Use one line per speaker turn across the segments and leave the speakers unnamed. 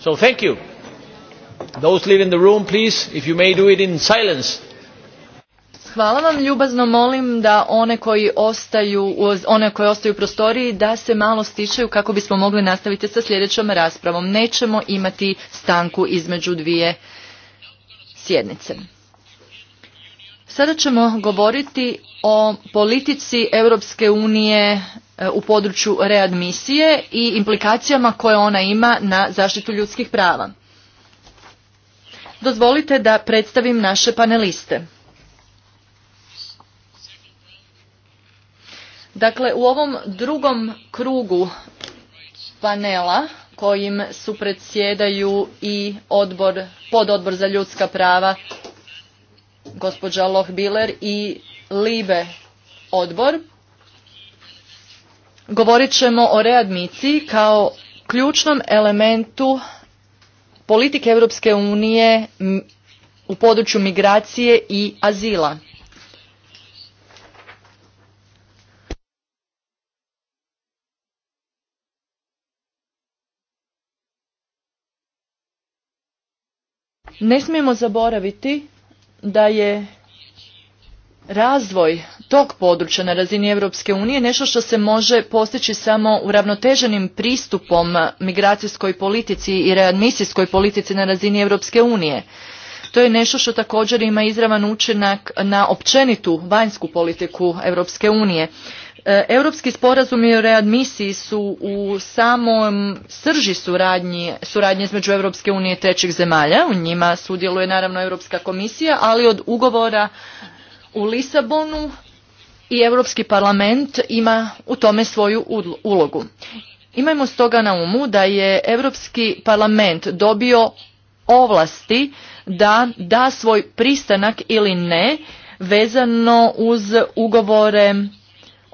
So thank you. Those the room, please, if you may do it in silence. Hvala vam, ljubazno molim da one koji ostaju, one koji ostaju u prostoriji da se malo stišaju kako bismo mogli nastaviti sa sljedećom raspravom. Nećemo imati stanku između dvije sjednice. Sada ćemo govoriti o politici Europske unije E, u području readmisije i implikacijama koje ona ima na zaštitu ljudskih prava. Dozvolite da predstavim naše paneliste. Dakle, u ovom drugom krugu panela kojim su predsjedaju i odbor, pododbor za ljudska prava gospođa Lohbiler i Libe odbor govorit ćemo o readmiciji kao ključnom elementu politike Europske unije u području migracije i azila. Ne smijemo zaboraviti da je razvoj tog područja na razini Europske unije nešto što se može postići samo uravnoteženim pristupom migracijskoj politici i readmisijskoj politici na razini Europske unije. To je nešto što također ima izravan učinak na općenitu vanjsku politiku Europske unije. E, Europski sporazumi o readmisiji su u samom srži suradnje između Europske unije i trećih zemalja. U njima sudjeluje naravno Europska komisija, ali od ugovora u Lisabonu i Europski parlament ima u tome svoju ulogu. Imajmo stoga na umu da je Europski parlament dobio ovlasti da da svoj pristanak ili ne vezano uz ugovore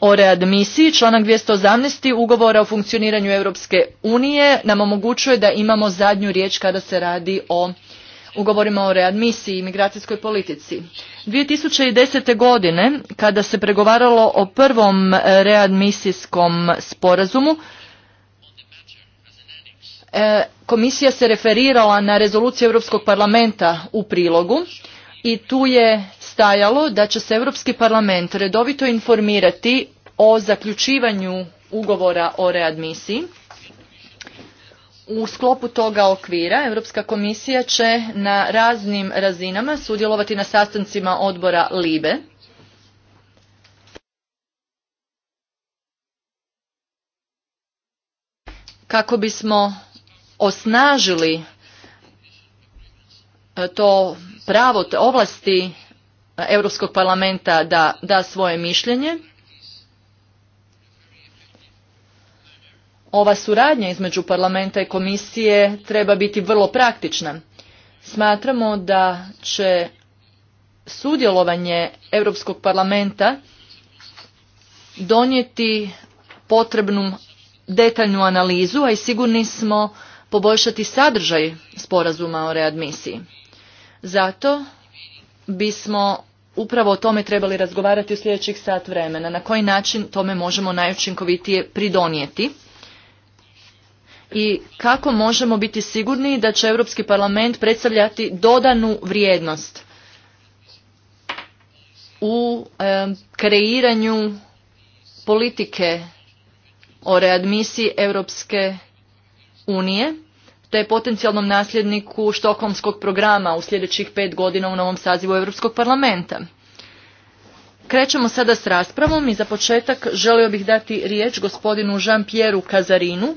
o readmisiji. Članak 218. ugovora o funkcioniranju Europske unije nam omogućuje da imamo zadnju riječ kada se radi o ugovorima o readmisiji i migracijskoj politici. 2010. godine, kada se pregovaralo o prvom readmisijskom sporazumu, e, komisija se referirala na rezoluciju Europskog parlamenta u prilogu i tu je stajalo da će se Europski parlament redovito informirati o zaključivanju ugovora o readmisiji u sklopu toga okvira Europska komisija će na raznim razinama sudjelovati na sastancima odbora LIBE. Kako bismo osnažili e, to pravo ovlasti Europskog parlamenta da da svoje mišljenje ova suradnja između parlamenta i komisije treba biti vrlo praktična. Smatramo da će sudjelovanje Europskog parlamenta donijeti potrebnu detaljnu analizu, a i sigurni smo poboljšati sadržaj sporazuma o readmisiji. Zato bismo upravo o tome trebali razgovarati u sljedećih sat vremena, na koji način tome možemo najučinkovitije pridonijeti i kako možemo biti sigurni da će Europski parlament predstavljati dodanu vrijednost u kreiranju politike o readmisiji Europske unije te potencijalnom nasljedniku štokomskog programa u sljedećih pet godina u novom sazivu Europskog parlamenta. Krećemo sada s raspravom i za početak želio bih dati riječ gospodinu Jean-Pierre Kazarinu,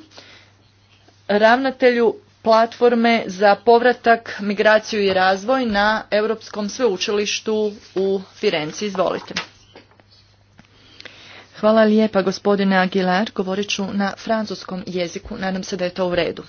ravnatelju platforme za povratak, migraciju i razvoj na Europskom sveučilištu u Firenci. Izvolite. Hvala lijepa gospodine Aguilar, govorit ću na francuskom jeziku, nadam se da je to u redu.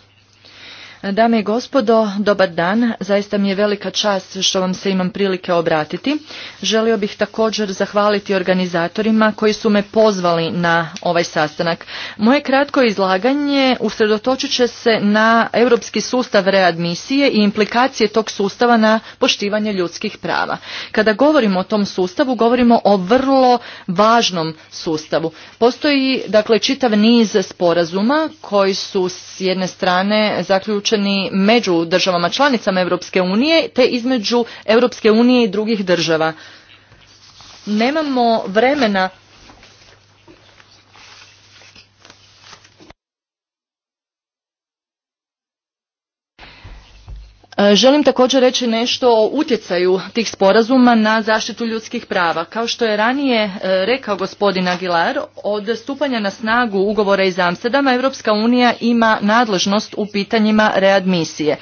Dame i gospodo, dobar dan. Zaista mi je velika čast što vam se imam prilike obratiti. Želio bih također zahvaliti organizatorima koji su me pozvali na ovaj sastanak. Moje kratko izlaganje usredotočit će se na europski sustav readmisije i implikacije tog sustava na poštivanje ljudskih prava. Kada govorimo o tom sustavu, govorimo o vrlo važnom sustavu. Postoji dakle čitav niz sporazuma koji su s jedne strane zaključeni među državama članicama Europske unije te između Europske unije i drugih država. Nemamo vremena E, želim također reći nešto o utjecaju tih sporazuma na zaštitu ljudskih prava. Kao što je ranije e, rekao gospodin Aguilar, od stupanja na snagu ugovora iz Amsterdama Europska unija ima nadležnost u pitanjima readmisije.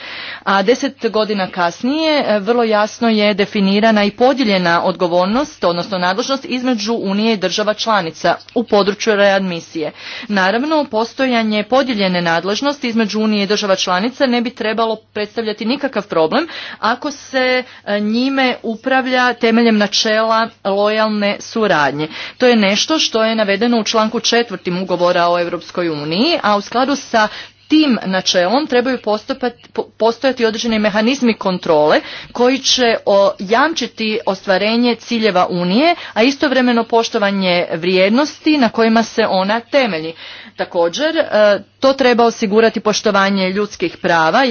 A deset godina kasnije e, vrlo jasno je definirana i podijeljena odgovornost, odnosno nadležnost između Unije i država članica u području readmisije. Naravno, postojanje podijeljene nadležnosti između Unije i država članica ne bi trebalo predstavljati nikakve nikakav problem ako se e, njime upravlja temeljem načela lojalne suradnje. To je nešto što je navedeno u članku četvrtim ugovora o Europskoj uniji, a u skladu sa tim načelom trebaju postojati određeni mehanizmi kontrole koji će jamčiti ostvarenje ciljeva Unije, a istovremeno poštovanje vrijednosti na kojima se ona temelji. Također, e, to treba osigurati poštovanje ljudskih prava,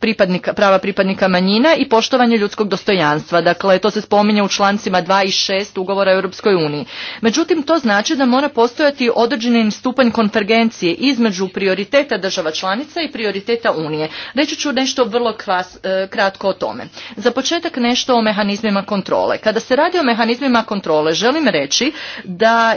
pripadnika, prava pripadnika manjina i poštovanje ljudskog dostojanstva. Dakle, to se spominje u člancima 2 i 6 ugovora o Europskoj uniji. Međutim, to znači da mora postojati određeni stupanj konvergencije između prioriteta država članica i prioriteta Unije. Reći ću nešto vrlo e, kratko o tome. Za početak nešto o mehanizmima kontrole. Kada se radi o mehanizmima kontrole, želim reći da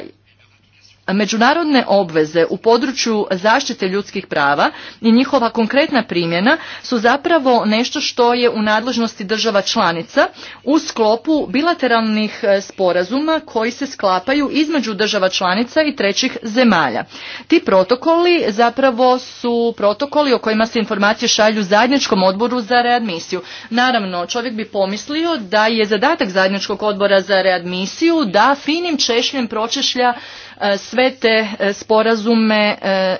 međunarodne obveze u području zaštite ljudskih prava i njihova konkretna primjena su zapravo nešto što je u nadležnosti država članica u sklopu bilateralnih e, sporazuma koji se sklapaju između država članica i trećih zemalja. Ti protokoli zapravo su protokoli o kojima se informacije šalju zajedničkom odboru za readmisiju. Naravno, čovjek bi pomislio da je zadatak zajedničkog odbora za readmisiju da finim češljem pročešlja E, sve te e, sporazume e,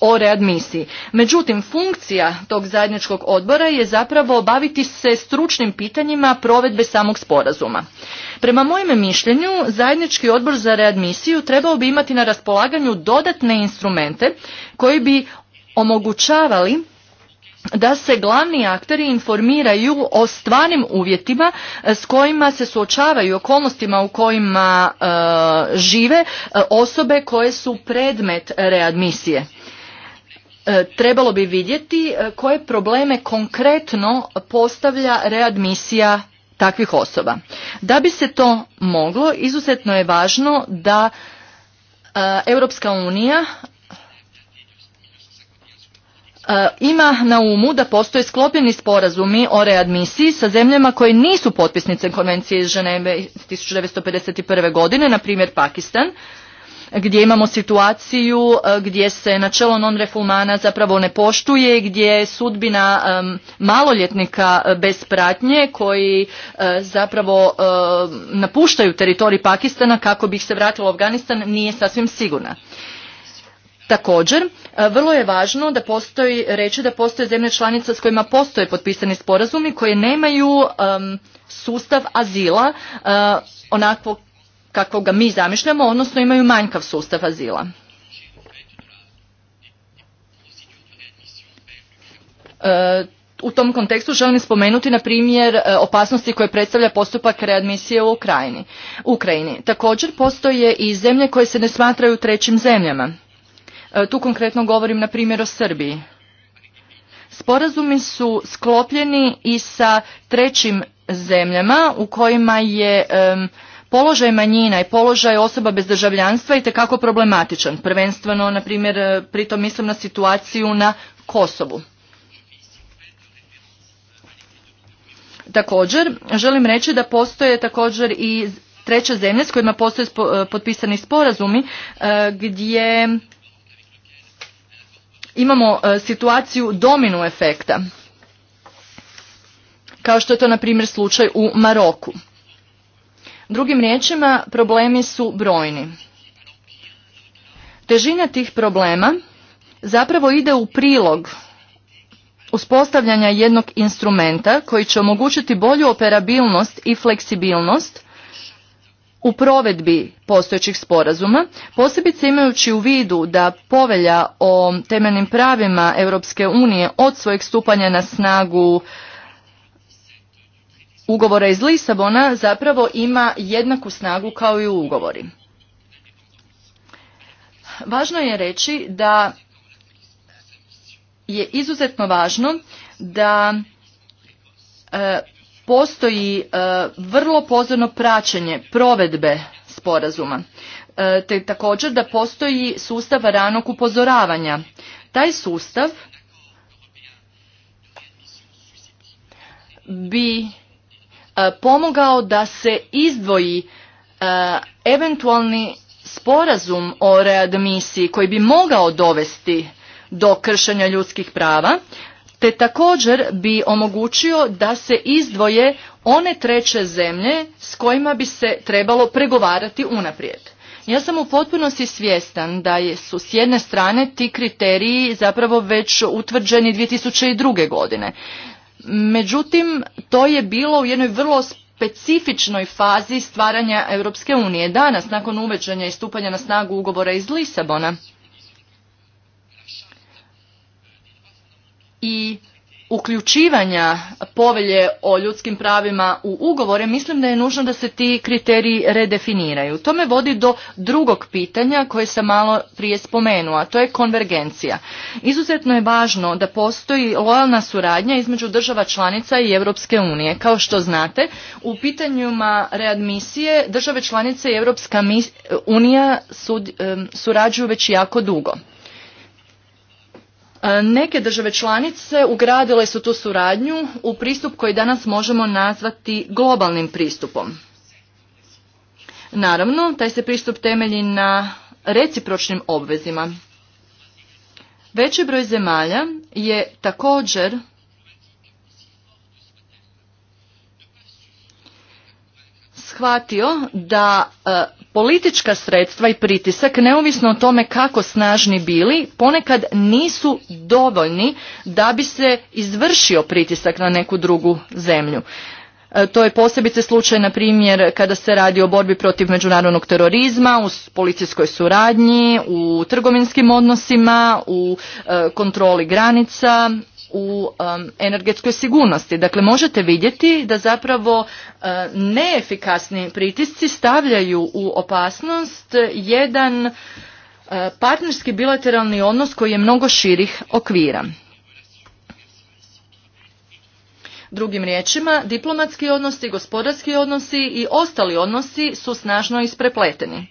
o readmisiji. Međutim, funkcija tog zajedničkog odbora je zapravo baviti se stručnim pitanjima provedbe samog sporazuma. Prema mojem mišljenju, zajednički odbor za readmisiju trebao bi imati na raspolaganju dodatne instrumente koji bi omogućavali da se glavni akteri informiraju o stvarnim uvjetima e, s kojima se suočavaju okolnostima u kojima e, žive e, osobe koje su predmet readmisije trebalo bi vidjeti koje probleme konkretno postavlja readmisija takvih osoba da bi se to moglo izuzetno je važno da Europska unija E, ima na umu da postoje sklopljeni sporazumi o readmisiji sa zemljama koje nisu potpisnice konvencije iz Ženeve 1951. godine, na primjer Pakistan, gdje imamo situaciju e, gdje se načelo non-refulmana zapravo ne poštuje, gdje je sudbina maloljetnika e, bez pratnje koji zapravo napuštaju teritorij Pakistana kako bi ih se vratilo u Afganistan nije sasvim sigurna. Također, E, vrlo je važno da postoji, reći da postoje zemlje članice s kojima postoje potpisani sporazumi koje nemaju sustav azila uh, e, onako kako ga mi zamišljamo, odnosno imaju manjkav sustav azila. E, u tom kontekstu želim spomenuti na primjer opasnosti koje predstavlja postupak readmisije u Ukrajini. Ukrajini. Također postoje i zemlje koje se ne smatraju trećim zemljama. E, tu konkretno govorim na primjer o Srbiji. Sporazumi su sklopljeni i sa trećim zemljama u kojima je položaj manjina i položaj osoba bez državljanstva i tekako problematičan. Prvenstveno, na primjer, e, pritom mislim na situaciju na Kosovu. Također, želim reći da postoje također i treće zemlje s kojima postoje e, potpisani sporazumi gdje imamo e, situaciju dominu efekta kao što je to na primjer slučaj u Maroku. Drugim riječima, problemi su brojni. Težina tih problema zapravo ide u prilog uspostavljanja jednog instrumenta koji će omogućiti bolju operabilnost i fleksibilnost u provedbi postojećih sporazuma, posebice imajući u vidu da povelja o temeljnim pravima Europske unije od svojeg stupanja na snagu ugovora iz Lisabona zapravo ima jednaku snagu kao i u ugovori. Važno je reći da je izuzetno važno da e, postoji e, vrlo pozorno praćenje provedbe sporazuma, e, te također da postoji sustav ranog upozoravanja. Taj sustav bi e, pomogao da se izdvoji eventualni sporazum o readmisiji koji bi mogao dovesti do kršenja ljudskih prava te također bi omogućio da se izdvoje one treće zemlje s kojima bi se trebalo pregovarati unaprijed. Ja sam u potpunosti svjestan da su s jedne strane ti kriteriji zapravo već utvrđeni 2002. godine. Međutim, to je bilo u jednoj vrlo specifičnoj fazi stvaranja Europske unije. Danas, nakon uveđenja i stupanja na snagu ugovora iz Lisabona, i uključivanja povelje o ljudskim pravima u ugovore, mislim da je nužno da se ti kriteriji redefiniraju. To me vodi do drugog pitanja koje sam malo prije spomenula, a to je konvergencija. Izuzetno je važno da postoji lojalna suradnja između država članica i Europske unije. Kao što znate, u pitanjima readmisije države članice i Europska unija surađuju već jako dugo. E, neke države članice ugradile su tu suradnju u pristup koji danas možemo nazvati globalnim pristupom. Naravno, taj se pristup temelji na recipročnim obvezima. Veći broj zemalja je također shvatio da e, politička sredstva i pritisak, neovisno o tome kako snažni bili, ponekad nisu dovoljni da bi se izvršio pritisak na neku drugu zemlju. E, to je posebice slučaj, na primjer, kada se radi o borbi protiv međunarodnog terorizma, u policijskoj suradnji, u trgovinskim odnosima, u e, kontroli granica, u um, energetskoj sigurnosti. Dakle, možete vidjeti da zapravo uh, neefikasni pritisci stavljaju u opasnost jedan uh, partnerski bilateralni odnos koji je mnogo širih okvira. Drugim riječima, diplomatski odnosi, gospodarski odnosi i ostali odnosi su snažno isprepleteni.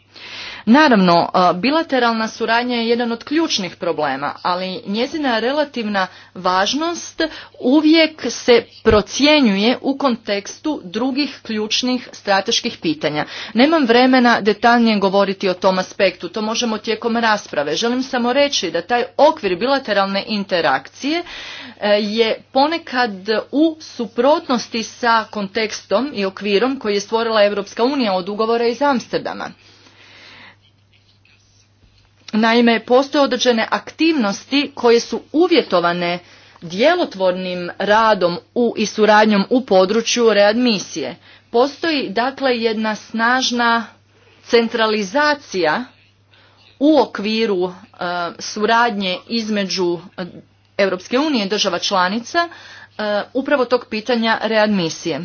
Naravno, e, bilateralna suradnja je jedan od ključnih problema, ali njezina relativna važnost uvijek se procjenjuje u kontekstu drugih ključnih strateških pitanja. Nemam vremena detaljnije govoriti o tom aspektu, to možemo tijekom rasprave. Želim samo reći da taj okvir bilateralne interakcije e, je ponekad u suprotnosti sa kontekstom i okvirom koji je stvorila Europska unija od ugovora iz Amsterdama. Naime, postoje određene aktivnosti koje su uvjetovane djelotvornim radom u i suradnjom u području readmisije. Postoji dakle jedna snažna centralizacija u okviru e, suradnje između e, Europske unije i država članica e, upravo tog pitanja readmisije.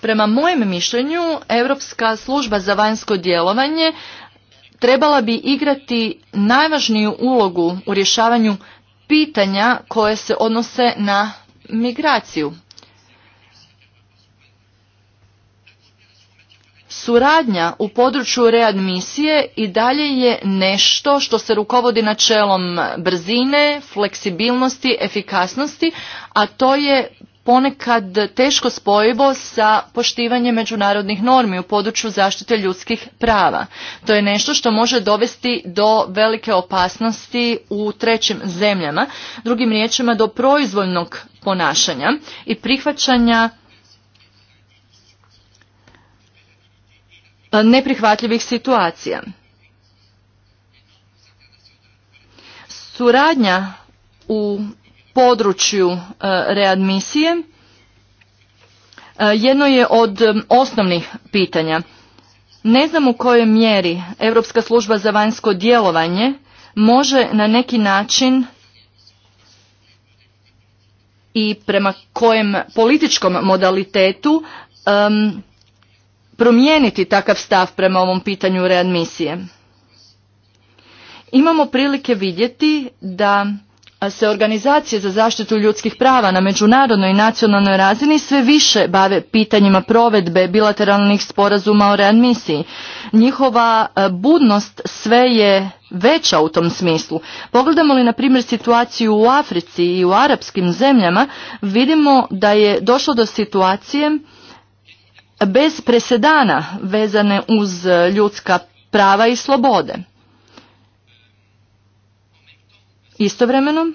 Prema mojem mišljenju, Europska služba za vanjsko djelovanje trebala bi igrati najvažniju ulogu u rješavanju pitanja koje se odnose na migraciju. Suradnja u području readmisije i dalje je nešto što se rukovodi načelom brzine, fleksibilnosti, efikasnosti, a to je ponekad teško spojivo sa poštivanjem međunarodnih normi u području zaštite ljudskih prava. To je nešto što može dovesti do velike opasnosti u trećim zemljama, drugim riječima do proizvoljnog ponašanja i prihvaćanja neprihvatljivih situacija. Suradnja u području e, readmisije e, jedno je od osnovnih pitanja. Ne znam u kojoj mjeri Europska služba za vanjsko djelovanje može na neki način i prema kojem političkom modalitetu promijeniti takav stav prema ovom pitanju readmisije. Imamo prilike vidjeti da se organizacije za zaštitu ljudskih prava na međunarodnoj i nacionalnoj razini sve više bave pitanjima provedbe bilateralnih sporazuma o readmisiji. Njihova e, budnost sve je veća u tom smislu. Pogledamo li na primjer situaciju u Africi i u arapskim zemljama, vidimo da je došlo do situacije bez presedana vezane uz ljudska prava i slobode. Istovremeno,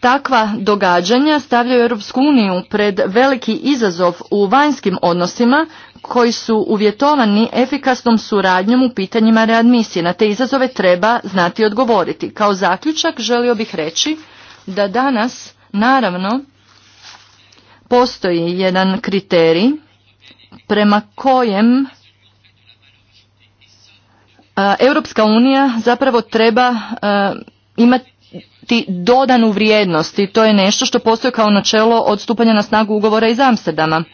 Takva događanja stavljaju Europsku uniju pred veliki izazov u vanjskim odnosima koji su uvjetovani efikasnom suradnjom u pitanjima readmisije. Na te izazove treba znati odgovoriti. Kao zaključak želio bih reći da danas naravno postoji jedan kriterij prema kojem Europska unija zapravo treba imati dodanu vrijednost i to je nešto što postoji kao načelo od stupanja na snagu ugovora iz Amsterdama.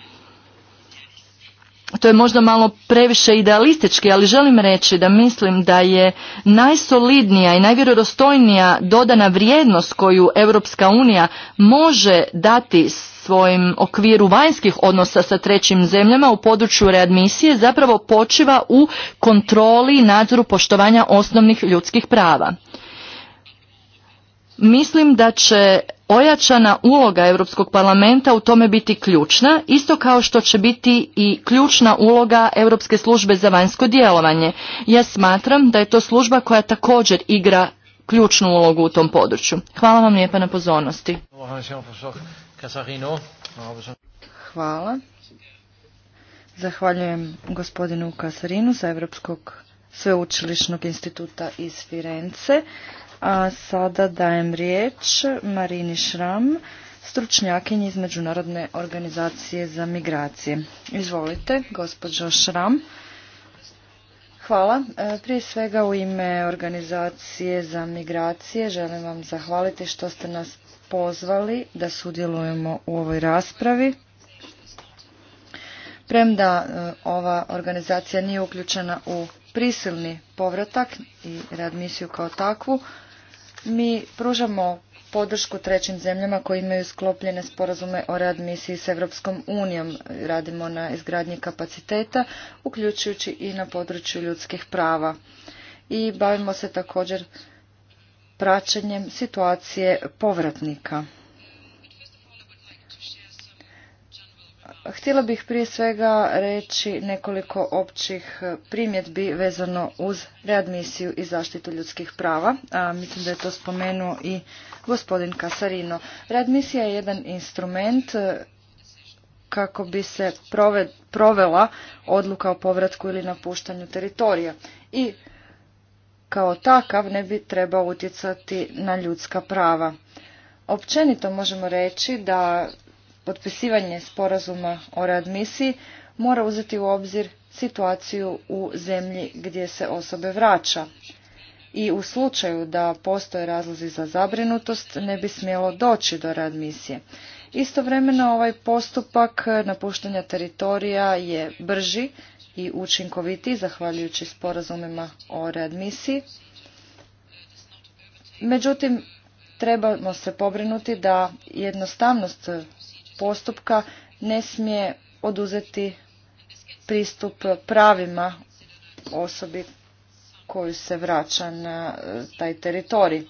To je možda malo previše idealistički, ali želim reći da mislim da je najsolidnija i najvjerodostojnija dodana vrijednost koju Europska unija može dati svojim okviru vanjskih odnosa sa trećim zemljama u području readmisije zapravo počiva u kontroli i nadzoru poštovanja osnovnih ljudskih prava. Mislim da će ojačana uloga Europskog parlamenta u tome biti ključna, isto kao što će biti i ključna uloga Europske službe za vanjsko djelovanje. Ja smatram da je to služba koja također igra ključnu ulogu u tom području. Hvala vam lijepa na pozornosti.
Hvala. Zahvaljujem gospodinu Kasarinu sa Europskog sveučilišnog instituta iz Firence. A sada dajem riječ Marini Šram, stručnjakinji iz Međunarodne organizacije za migracije. Izvolite, gospođo Šram. Hvala. E, prije svega u ime organizacije za migracije želim vam zahvaliti što ste nas pozvali da sudjelujemo u ovoj raspravi. Premda e, ova organizacija nije uključena u prisilni povratak i readmisiju kao takvu, mi pružamo podršku trećim zemljama koji imaju sklopljene sporazume o readmisiji s Europskom unijom. Radimo na izgradnji kapaciteta, uključujući i na području ljudskih prava. I bavimo se također praćenjem situacije povratnika. Htjela bih prije svega reći nekoliko općih primjedbi vezano uz readmisiju i zaštitu ljudskih prava. A, mislim da je to spomenuo i gospodin Kasarino. Readmisija je jedan instrument e, kako bi se provela odluka o povratku ili napuštanju teritorija. I kao takav ne bi trebao utjecati na ljudska prava. Općenito možemo reći da potpisivanje sporazuma o readmisiji mora uzeti u obzir situaciju u zemlji gdje se osobe vraća. I u slučaju da postoje razlozi za zabrinutost ne bi smjelo doći do readmisije. Istovremeno ovaj postupak napuštanja teritorija je brži i učinkovitiji zahvaljujući sporazumima o readmisiji. Međutim, trebamo se pobrinuti da jednostavnost postupka ne smije oduzeti pristup pravima osobi koju se vraća na e, taj teritorij.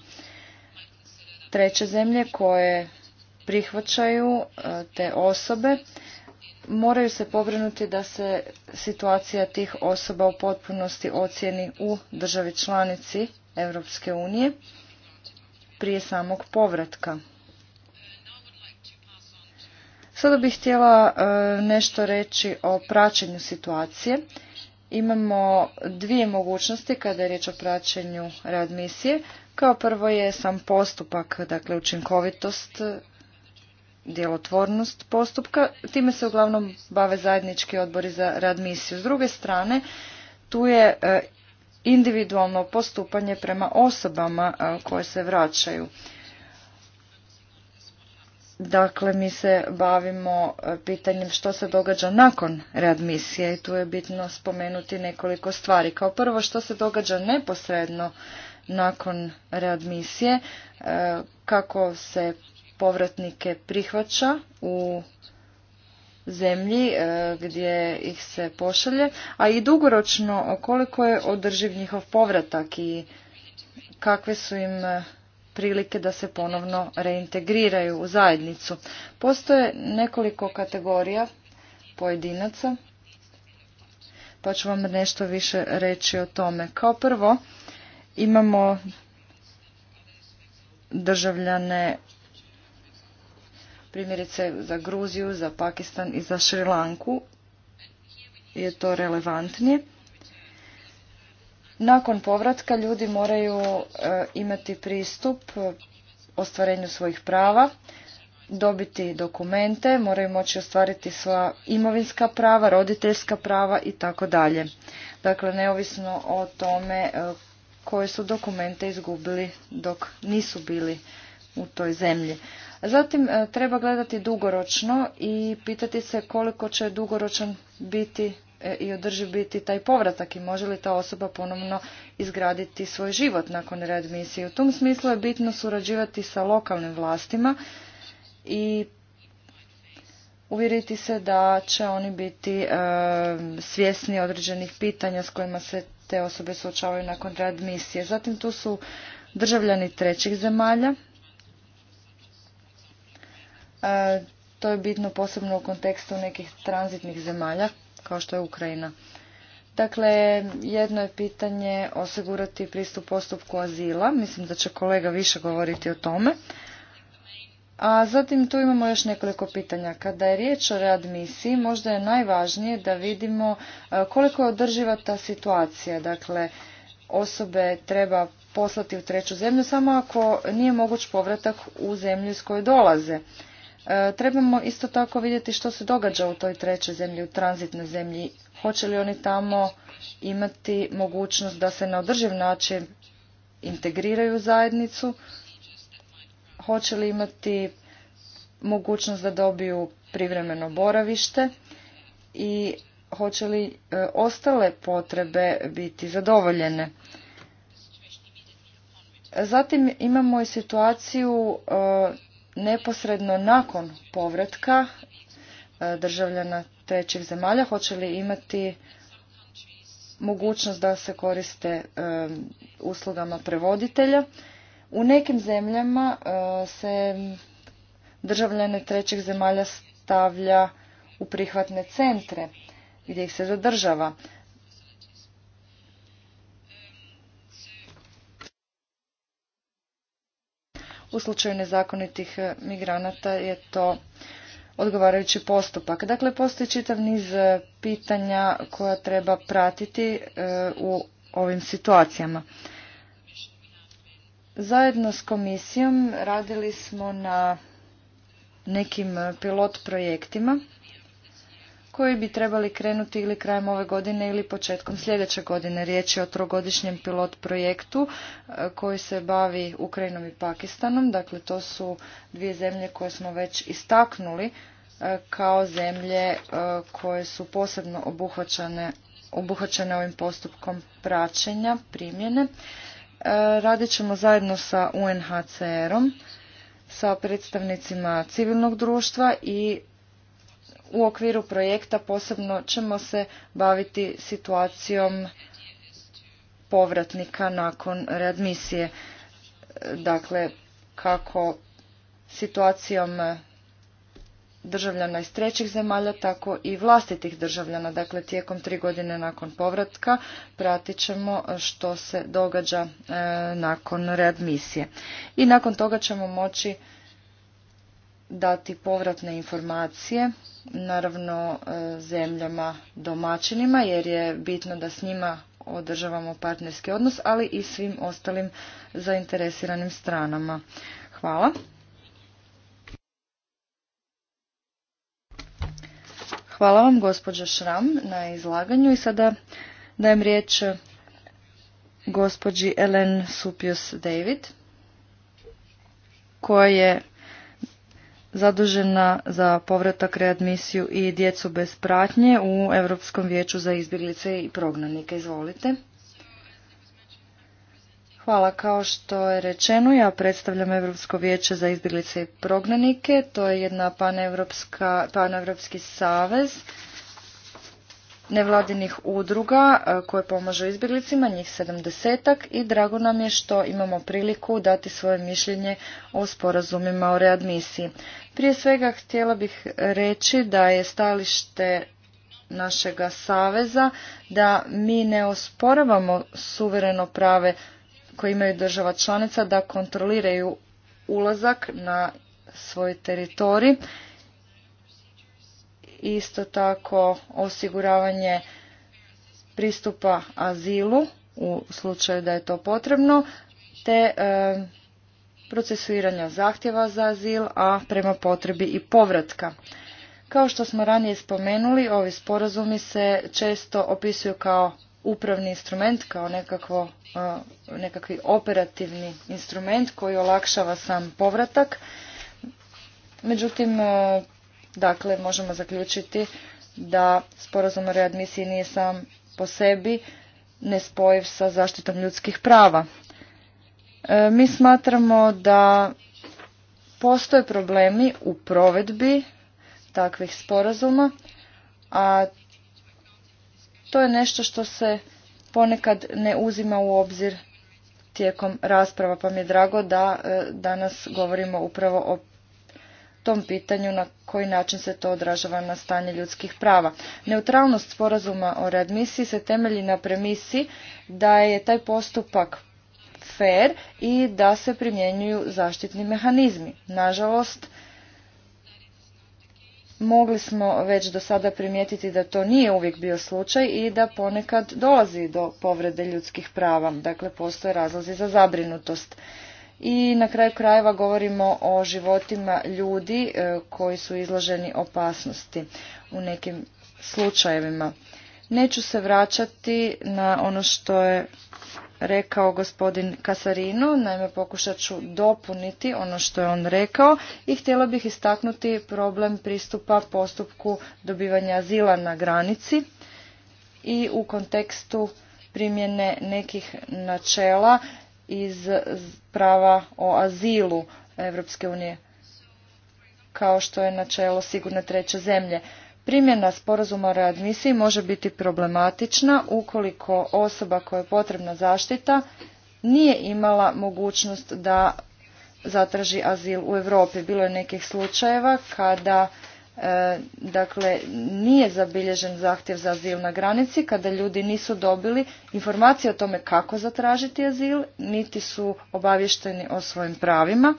Treće zemlje koje prihvaćaju e, te osobe moraju se pobrinuti da se situacija tih osoba u potpunosti ocijeni u državi članici Europske unije prije samog povratka. Sada bih htjela e, nešto reći o praćenju situacije. Imamo dvije mogućnosti kada je riječ o praćenju readmisije. Kao prvo je sam postupak, dakle učinkovitost djelotvornost postupka. Time se uglavnom bave zajednički odbori za readmisiju. S druge strane, tu je e, individualno postupanje prema osobama e, koje se vraćaju. Dakle, mi se bavimo e, pitanjem što se događa nakon readmisije i tu je bitno spomenuti nekoliko stvari. Kao prvo, što se događa neposredno nakon readmisije, kako se povratnike prihvaća u zemlji e, gdje ih se pošalje, a i dugoročno koliko je održiv njihov povratak i kakve su im e, prilike da se ponovno reintegriraju u zajednicu. Postoje nekoliko kategorija pojedinaca, pa ću vam nešto više reći o tome. Kao prvo, imamo državljane primjerice za Gruziju, za Pakistan i za Šrilanku je to relevantnije. Nakon povratka ljudi moraju eh, imati pristup eh, ostvarenju svojih prava, dobiti dokumente, moraju moći ostvariti svoja imovinska prava, roditeljska prava i tako dalje. Dakle, neovisno o tome eh, koje su dokumente izgubili dok nisu bili u toj zemlji. Zatim e, treba gledati dugoročno i pitati se koliko će dugoročan biti e, i održiv biti taj povratak i može li ta osoba ponovno izgraditi svoj život nakon readmisije. U tom smislu je bitno surađivati sa lokalnim vlastima i uvjeriti se da će oni biti e, svjesni određenih pitanja s kojima se te osobe suočavaju nakon readmisije. Zatim tu su državljani trećih zemalja to je bitno posebno u kontekstu nekih tranzitnih zemalja, kao što je Ukrajina. Dakle, jedno je pitanje osigurati pristup postupku azila. Mislim da će kolega više govoriti o tome. A zatim tu imamo još nekoliko pitanja. Kada je riječ o readmisiji, možda je najvažnije da vidimo koliko je održiva ta situacija. Dakle, osobe treba poslati u treću zemlju samo ako nije moguć povratak u zemlju iz koje dolaze. E, trebamo isto tako vidjeti što se događa u toj trećoj zemlji, u tranzitnoj zemlji. Hoće li oni tamo imati mogućnost da se na održiv način integriraju u zajednicu? Hoće li imati mogućnost da dobiju privremeno boravište? I hoće li e, ostale potrebe biti zadovoljene? Zatim imamo i situaciju e, neposredno nakon povratka e, državljana trećih zemalja, hoće li imati mogućnost da se koriste e, uslugama prevoditelja. U nekim zemljama e, se državljane trećih zemalja stavlja u prihvatne centre gdje ih se zadržava. U slučaju nezakonitih e, migranata je to odgovarajući postupak. Dakle, postoji čitav niz e, pitanja koja treba pratiti e, u ovim situacijama. Zajedno s komisijom radili smo na nekim pilot projektima koji bi trebali krenuti ili krajem ove godine ili početkom sljedeće godine. Riječ je o trogodišnjem pilot projektu e, koji se bavi Ukrajinom i Pakistanom. Dakle, to su dvije zemlje koje smo već istaknuli e, kao zemlje e, koje su posebno obuhvaćene, ovim postupkom praćenja, primjene. Radit ćemo zajedno sa UNHCR-om, sa predstavnicima civilnog društva i u okviru projekta posebno ćemo se baviti situacijom povratnika nakon readmisije. Dakle, kako situacijom državljana iz trećih zemalja, tako i vlastitih državljana. Dakle, tijekom tri godine nakon povratka pratit ćemo što se događa e, nakon readmisije. I nakon toga ćemo moći dati povratne informacije, naravno e, zemljama domaćinima, jer je bitno da s njima održavamo partnerski odnos, ali i svim ostalim zainteresiranim stranama. Hvala. Hvala vam, gospođa Šram, na izlaganju i sada dajem riječ gospođi Ellen Supius David, koja je zadužena za povratak, readmisiju i djecu bez pratnje u Europskom vijeću za izbjeglice i prognanike. Izvolite. Hvala. Kao što je rečeno, ja predstavljam Europsko vijeće za izbjeglice i prognanike. To je jedna paneuropski savez nevladinih udruga e, koje pomažu izbjeglicima, njih sedamdesetak i drago nam je što imamo priliku dati svoje mišljenje o sporazumima o readmisiji. Prije svega htjela bih reći da je stajalište našega saveza da mi ne osporavamo suvereno prave koje imaju država članica da kontroliraju ulazak na svoj teritorij isto tako osiguravanje pristupa azilu u slučaju da je to potrebno, te e, procesuiranja zahtjeva za azil, a prema potrebi i povratka. Kao što smo ranije spomenuli, ovi sporazumi se često opisuju kao upravni instrument, kao nekakvo, e, nekakvi operativni instrument koji olakšava sam povratak. Međutim, e, Dakle, možemo zaključiti da sporazum o readmisiji nije sam po sebi nespojiv sa zaštitom ljudskih prava. E, mi smatramo da postoje problemi u provedbi takvih sporazuma, a to je nešto što se ponekad ne uzima u obzir tijekom rasprava, pa mi je drago da e, danas govorimo upravo o tom pitanju na koji način se to odražava na stanje ljudskih prava. Neutralnost sporazuma o readmisiji se temelji na premisi da je taj postupak fair i da se primjenjuju zaštitni mehanizmi. Nažalost, mogli smo već do sada primijetiti da to nije uvijek bio slučaj i da ponekad dolazi do povrede ljudskih prava. Dakle, postoje razlozi za zabrinutost i na kraju krajeva govorimo o životima ljudi e, koji su izloženi opasnosti u nekim slučajevima. Neću se vraćati na ono što je rekao gospodin Kasarino, naime pokušat ću dopuniti ono što je on rekao i htjela bih istaknuti problem pristupa postupku dobivanja azila na granici i u kontekstu primjene nekih načela iz prava o azilu Europske unije, kao što je načelo sigurne treće zemlje. Primjena sporazuma o readmisiji može biti problematična ukoliko osoba koja je potrebna zaštita nije imala mogućnost da zatraži azil u Europi. Bilo je nekih slučajeva kada E, dakle nije zabilježen zahtjev za azil na granici kada ljudi nisu dobili informacije o tome kako zatražiti azil niti su obavješteni o svojim pravima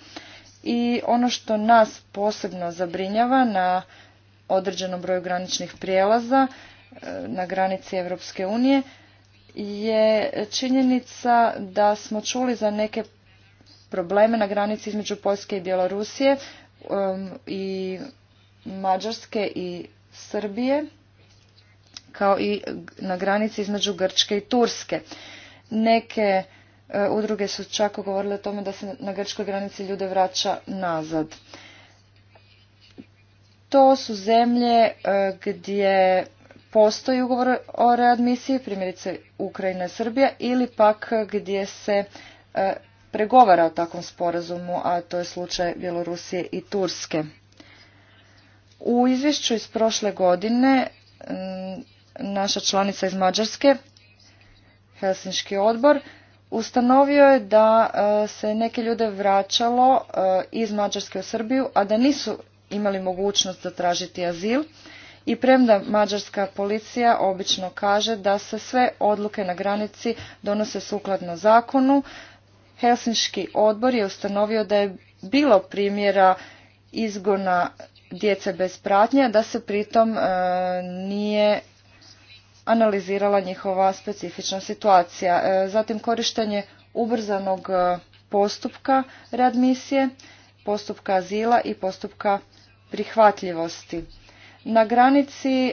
i ono što nas posebno zabrinjava na određenom broju graničnih prijelaza e, na granici Europske unije je činjenica da smo čuli za neke probleme na granici između Poljske i Bjelorusije um, i Mađarske i Srbije, kao i na granici između Grčke i Turske. Neke e, udruge su čak govorile o tome da se na grčkoj granici ljude vraća nazad. To su zemlje e, gdje postoji ugovor o readmisiji, primjerice Ukrajina i Srbija, ili pak gdje se e, pregovara o takvom sporazumu, a to je slučaj Bjelorusije i Turske. U izvješću iz prošle godine mm, naša članica iz Mađarske, Helsinški odbor, ustanovio je da e, se neke ljude vraćalo e, iz Mađarske u Srbiju, a da nisu imali mogućnost zatražiti azil. I premda mađarska policija obično kaže da se sve odluke na granici donose sukladno zakonu, Helsinški odbor je ustanovio da je bilo primjera izgona djece bez pratnje, da se pritom e, nije analizirala njihova specifična situacija. E, zatim korištenje ubrzanog e, postupka readmisije, postupka azila i postupka prihvatljivosti. Na granici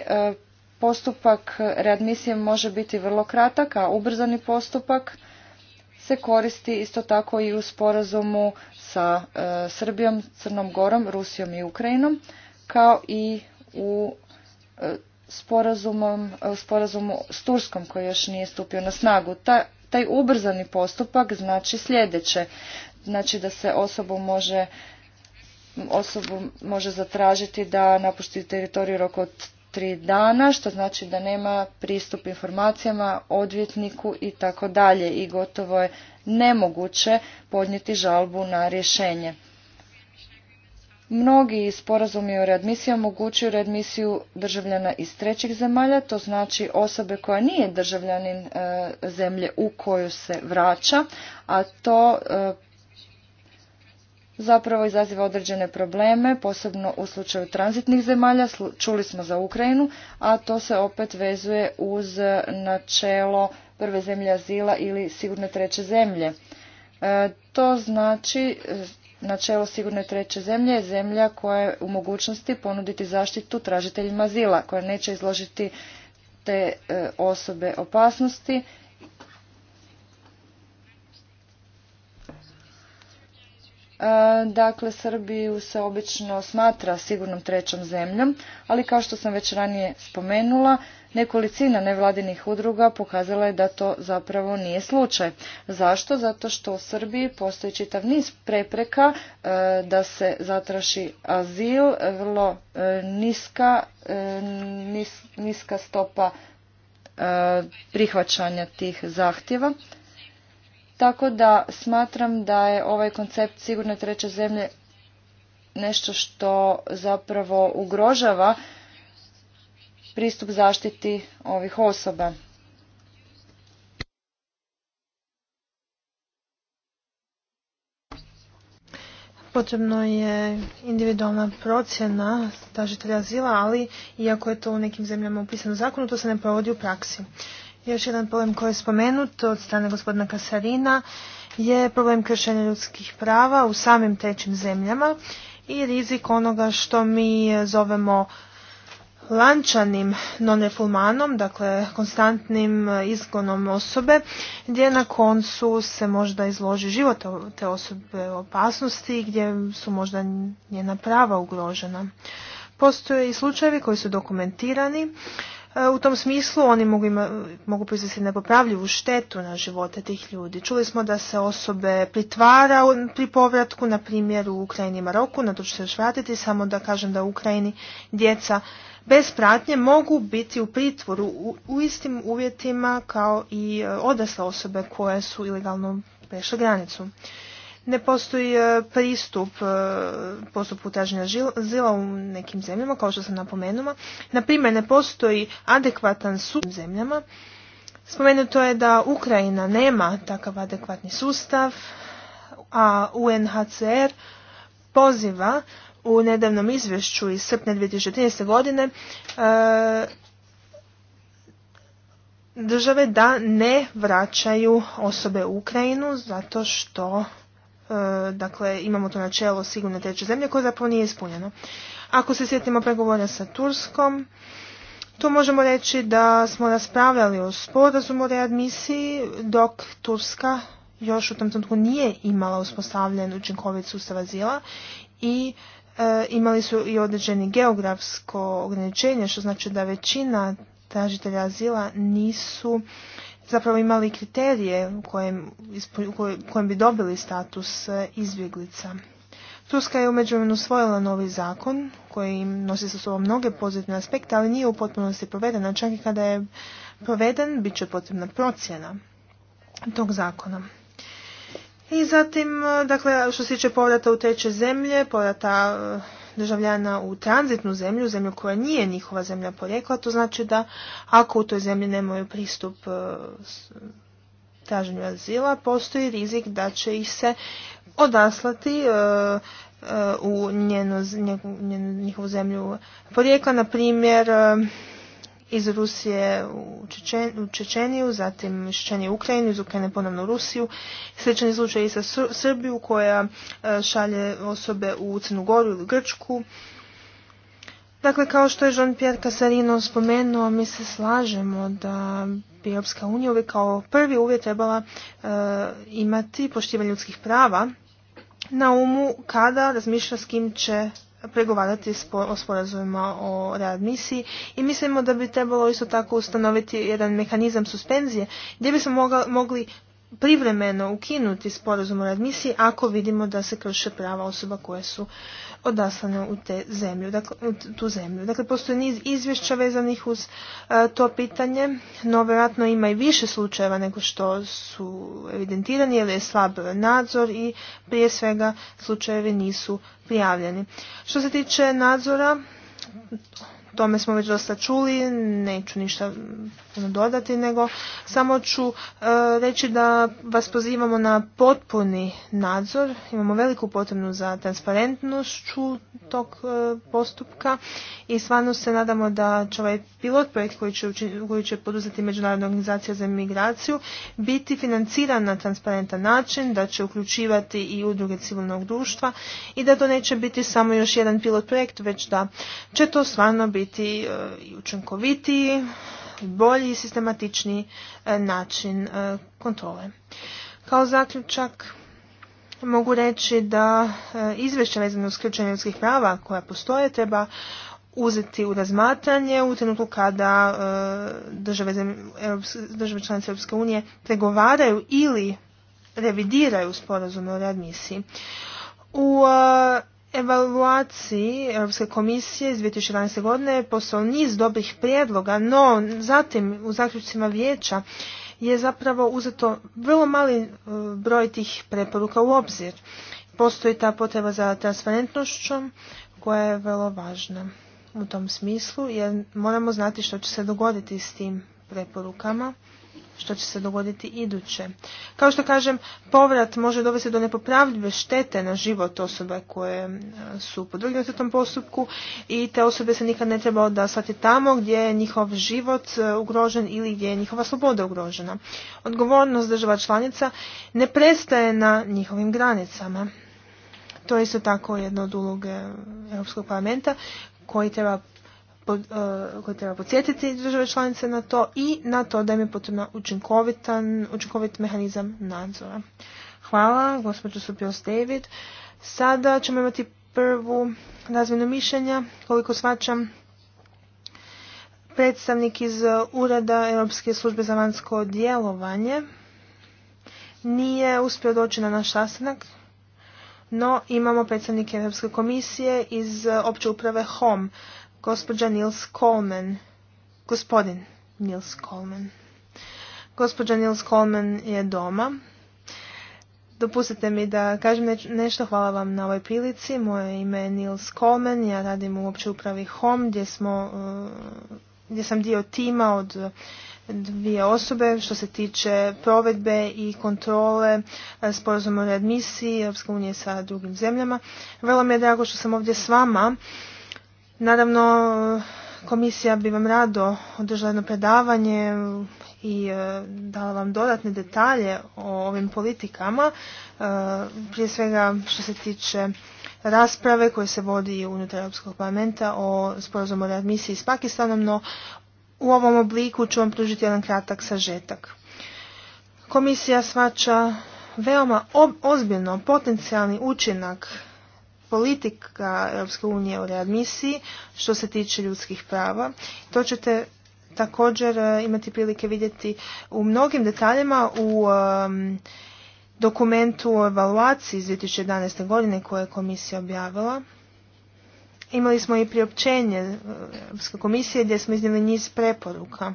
postupak readmisije može biti vrlo kratak, a ubrzani postupak se koristi isto tako i u sporazumu sa e, Srbijom, Crnom Gorom, Rusijom i Ukrajinom, kao i e, e, u sporazumu s Turskom koji još nije stupio na snagu. taj ubrzani postupak znači sljedeće, znači da se osobu može osobu može zatražiti da napusti teritoriju rok od tri dana, što znači da nema pristup informacijama, odvjetniku i tako dalje i gotovo je nemoguće podnijeti žalbu na rješenje. Mnogi sporazumi o readmisiji omogućuju readmisiju državljana iz trećih zemalja, to znači osobe koja nije državljanin e, zemlje u koju se vraća, a to e, zapravo izaziva određene probleme, posebno u slučaju tranzitnih zemalja, čuli smo za Ukrajinu, a to se opet vezuje uz načelo prve zemlje azila ili sigurne treće zemlje. E, to znači načelo sigurne treće zemlje je zemlja koja je u mogućnosti ponuditi zaštitu tražiteljima azila, koja neće izložiti te e, osobe opasnosti Dakle, Srbiju se obično smatra sigurnom trećom zemljom, ali kao što sam već ranije spomenula, nekolicina nevladinih udruga pokazala je da to zapravo nije slučaj. Zašto? Zato što u Srbiji postoji čitav niz prepreka e, da se zatraši azil, vrlo e, niska, e, niska stopa prihvaćanja tih zahtjeva tako da smatram da je ovaj koncept sigurne treće zemlje nešto što zapravo ugrožava pristup zaštiti ovih osoba.
Potrebno je individualna procjena tražitelja azila, ali iako je to u nekim zemljama upisano u zakonu, to se ne provodi u praksi. Još jedan problem koji je spomenut od strane gospodina Kasarina je problem kršenja ljudskih prava u samim trećim zemljama i rizik onoga što mi zovemo lančanim non-refulmanom, dakle konstantnim izgonom osobe, gdje na koncu se možda izloži život te osobe opasnosti, gdje su možda njena prava ugrožena. Postoje i slučajevi koji su dokumentirani E, u tom smislu oni mogu, mogu nepopravljivu štetu na živote tih ljudi. Čuli smo da se osobe pritvara pri povratku, na primjer u Ukrajini i Maroku, na to ću se još vratiti, samo da kažem da u Ukrajini djeca bez pratnje mogu biti u pritvoru u, u istim uvjetima kao i e, odrasle osobe koje su ilegalno prešle granicu ne postoji e, pristup e, postupku traženja zila u nekim zemljama, kao što sam napomenula. Naprimjer, ne postoji adekvatan sustav u zemljama. Spomenuto je da Ukrajina nema takav adekvatni sustav, a UNHCR poziva u nedavnom izvješću iz srpnja 2013. godine e, države da ne vraćaju osobe u Ukrajinu zato što E, dakle imamo to načelo sigurne treće zemlje koje zapravo nije ispunjeno. Ako se sjetimo pregovora sa Turskom, tu možemo reći da smo raspravljali o sporazumu o readmisiji dok Turska još u tom trenutku nije imala uspostavljen učinkovit sustav azila i e, imali su i određeni geografsko ograničenje, što znači da većina tražitelja azila nisu zapravo imali kriterije u kojem, bi dobili status e, izbjeglica. Turska je međuvremenu usvojila novi zakon koji nosi sa sobom mnoge pozitivne aspekte, ali nije u potpunosti provedena. Čak i kada je proveden, bit će potrebna procjena tog zakona. I zatim, e, dakle, što se tiče povrata u treće zemlje, povrata e, državljana u tranzitnu zemlju, zemlju koja nije njihova zemlja porijekla, to znači da ako u toj zemlji nemaju pristup e, traženju azila, postoji rizik da će ih se odaslati e, e, u njihovu zemlju porijekla, na primjer iz Rusije u, Čečeniju, zatim iz Čečenije u Ukrajinu, iz Ukrajine ponovno u Rusiju. Sličan je slučaj i sa Srbiju koja e, šalje osobe u Crnu Goru ili Grčku. Dakle, kao što je Jean-Pierre Casarino spomenuo, mi se slažemo da bi Europska unija uvijek kao prvi uvjet trebala e, imati poštivanje ljudskih prava na umu kada razmišlja s kim će pregovarati o sporazumima o readmisiji i mislimo da bi trebalo isto tako ustanoviti jedan mehanizam suspenzije gdje bismo mogli privremeno ukinuti sporazum o readmisiji ako vidimo da se krše prava osoba koje su odaslano u, te zemlju, dakle, tu zemlju. Dakle, postoji niz izvješća vezanih uz e, to pitanje, no vjerojatno ima i više slučajeva nego što su evidentirani, jer je slab nadzor i prije svega slučajevi nisu prijavljeni. Što se tiče nadzora, tome smo već dosta čuli, neću ništa dodati, nego samo ću e, reći da vas pozivamo na potpuni nadzor. Imamo veliku potrebnu za transparentnošću tog e, postupka i stvarno se nadamo da će ovaj pilot projekt koji će, koji će poduzeti Međunarodna organizacija za migraciju biti financiran na transparentan način, da će uključivati i udruge civilnog društva i da to neće biti samo još jedan pilot projekt, već da će to stvarno biti biti e, učinkovitiji, bolji i sistematičniji e, način e, kontrole. Kao zaključak mogu reći da izvješća vezano uz ljudskih prava koja postoje treba uzeti u razmatranje u trenutku kada države, članice Europske unije pregovaraju ili revidiraju sporazume o readmisiji. U evaluaciji Europske komisije iz 2011. godine poslao niz dobrih prijedloga, no zatim u zaključcima vijeća je zapravo uzeto vrlo mali e, broj tih preporuka u obzir. Postoji ta potreba za transparentnošću koja je vrlo važna u tom smislu jer moramo znati što će se dogoditi s tim preporukama što će se dogoditi iduće. Kao što kažem, povrat može dovesti do nepopravljive štete na život osobe koje e, su u tom postupku i te osobe se nikad ne treba odaslati tamo gdje je njihov život e, ugrožen ili gdje je njihova sloboda ugrožena. Odgovornost država članica ne prestaje na njihovim granicama. To je isto tako jedna od uloge Europskog parlamenta koji treba E, koje treba podsjetiti države članice na to i na to da im je potrebno učinkovit mehanizam nadzora. Hvala, gospođo Supios David. Sada ćemo imati prvu razmjenu mišljenja. Koliko svačam, predstavnik iz Ureda Europske službe za vanjsko djelovanje nije uspio doći na naš sastanak, no imamo predstavnike Europske komisije iz opće uprave HOM. Gospođa Nils Coleman. Gospodin Nils Coleman. Gospođa Nils Coleman je doma. Dopustite mi da kažem nešto, hvala vam na ovoj prilici. Moje ime je Nils Coleman, ja radim u općoj upravi HOM gdje, smo, uh, gdje sam dio tima od dvije osobe što se tiče provedbe i kontrole uh, sporazuma o readmisiji Europske unije sa drugim zemljama. Vrlo mi je drago što sam ovdje s vama Naravno, komisija bi vam rado održala jedno predavanje i e, dala vam dodatne detalje o ovim politikama, e, prije svega što se tiče rasprave koje se vodi unutar Europskog parlamenta o sporazumu o readmisiji s Pakistanom, no u ovom obliku ću vam pružiti jedan kratak sažetak. Komisija svača veoma ozbiljno potencijalni učinak politika Europske unije o readmisiji što se tiče ljudskih prava. To ćete također e, imati prilike vidjeti u mnogim detaljima u dokumentu o evaluaciji iz 2011. godine koje je komisija objavila. Imali smo i priopćenje e, Europske komisije gdje smo iznijeli niz preporuka.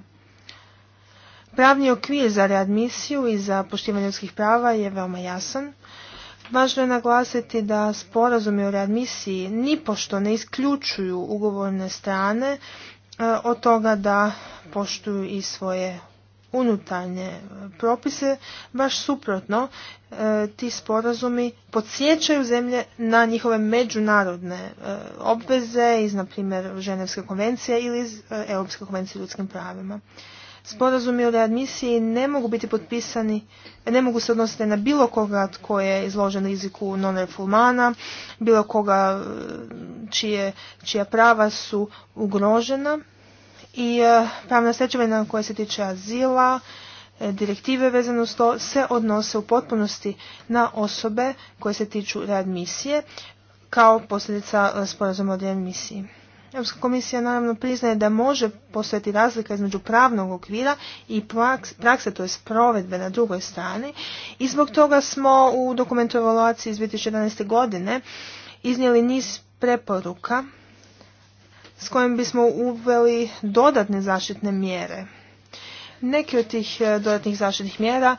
Pravni okvir za readmisiju i za poštivanje ljudskih prava je veoma jasan. Važno je naglasiti da sporazumi o readmisiji nipošto ne isključuju ugovorne strane e, od toga da poštuju i svoje unutarnje propise, baš suprotno, e, ti sporazumi podsjećaju zemlje na njihove međunarodne e, obveze iz, na primjer, Ženevske konvencije ili iz Europske konvencije o ljudskim pravima sporazumi o readmisiji ne mogu biti potpisani, ne mogu se odnositi na bilo koga tko je izložen riziku non-refulmana, bilo koga e, čije, čija prava su ugrožena i e, pravna stečevina koja se tiče azila, e, direktive vezane uz to se odnose u potpunosti na osobe koje se tiču readmisije kao posljedica sporazuma o readmisiji. Europska komisija naravno priznaje da može postojati razlika između pravnog okvira i prakse, to je provedbe na drugoj strani. I zbog toga smo u dokumentu evaluaciji iz 2011. godine iznijeli niz preporuka s kojim bismo uveli dodatne zaštitne mjere. Neki od tih eh, dodatnih zaštitnih mjera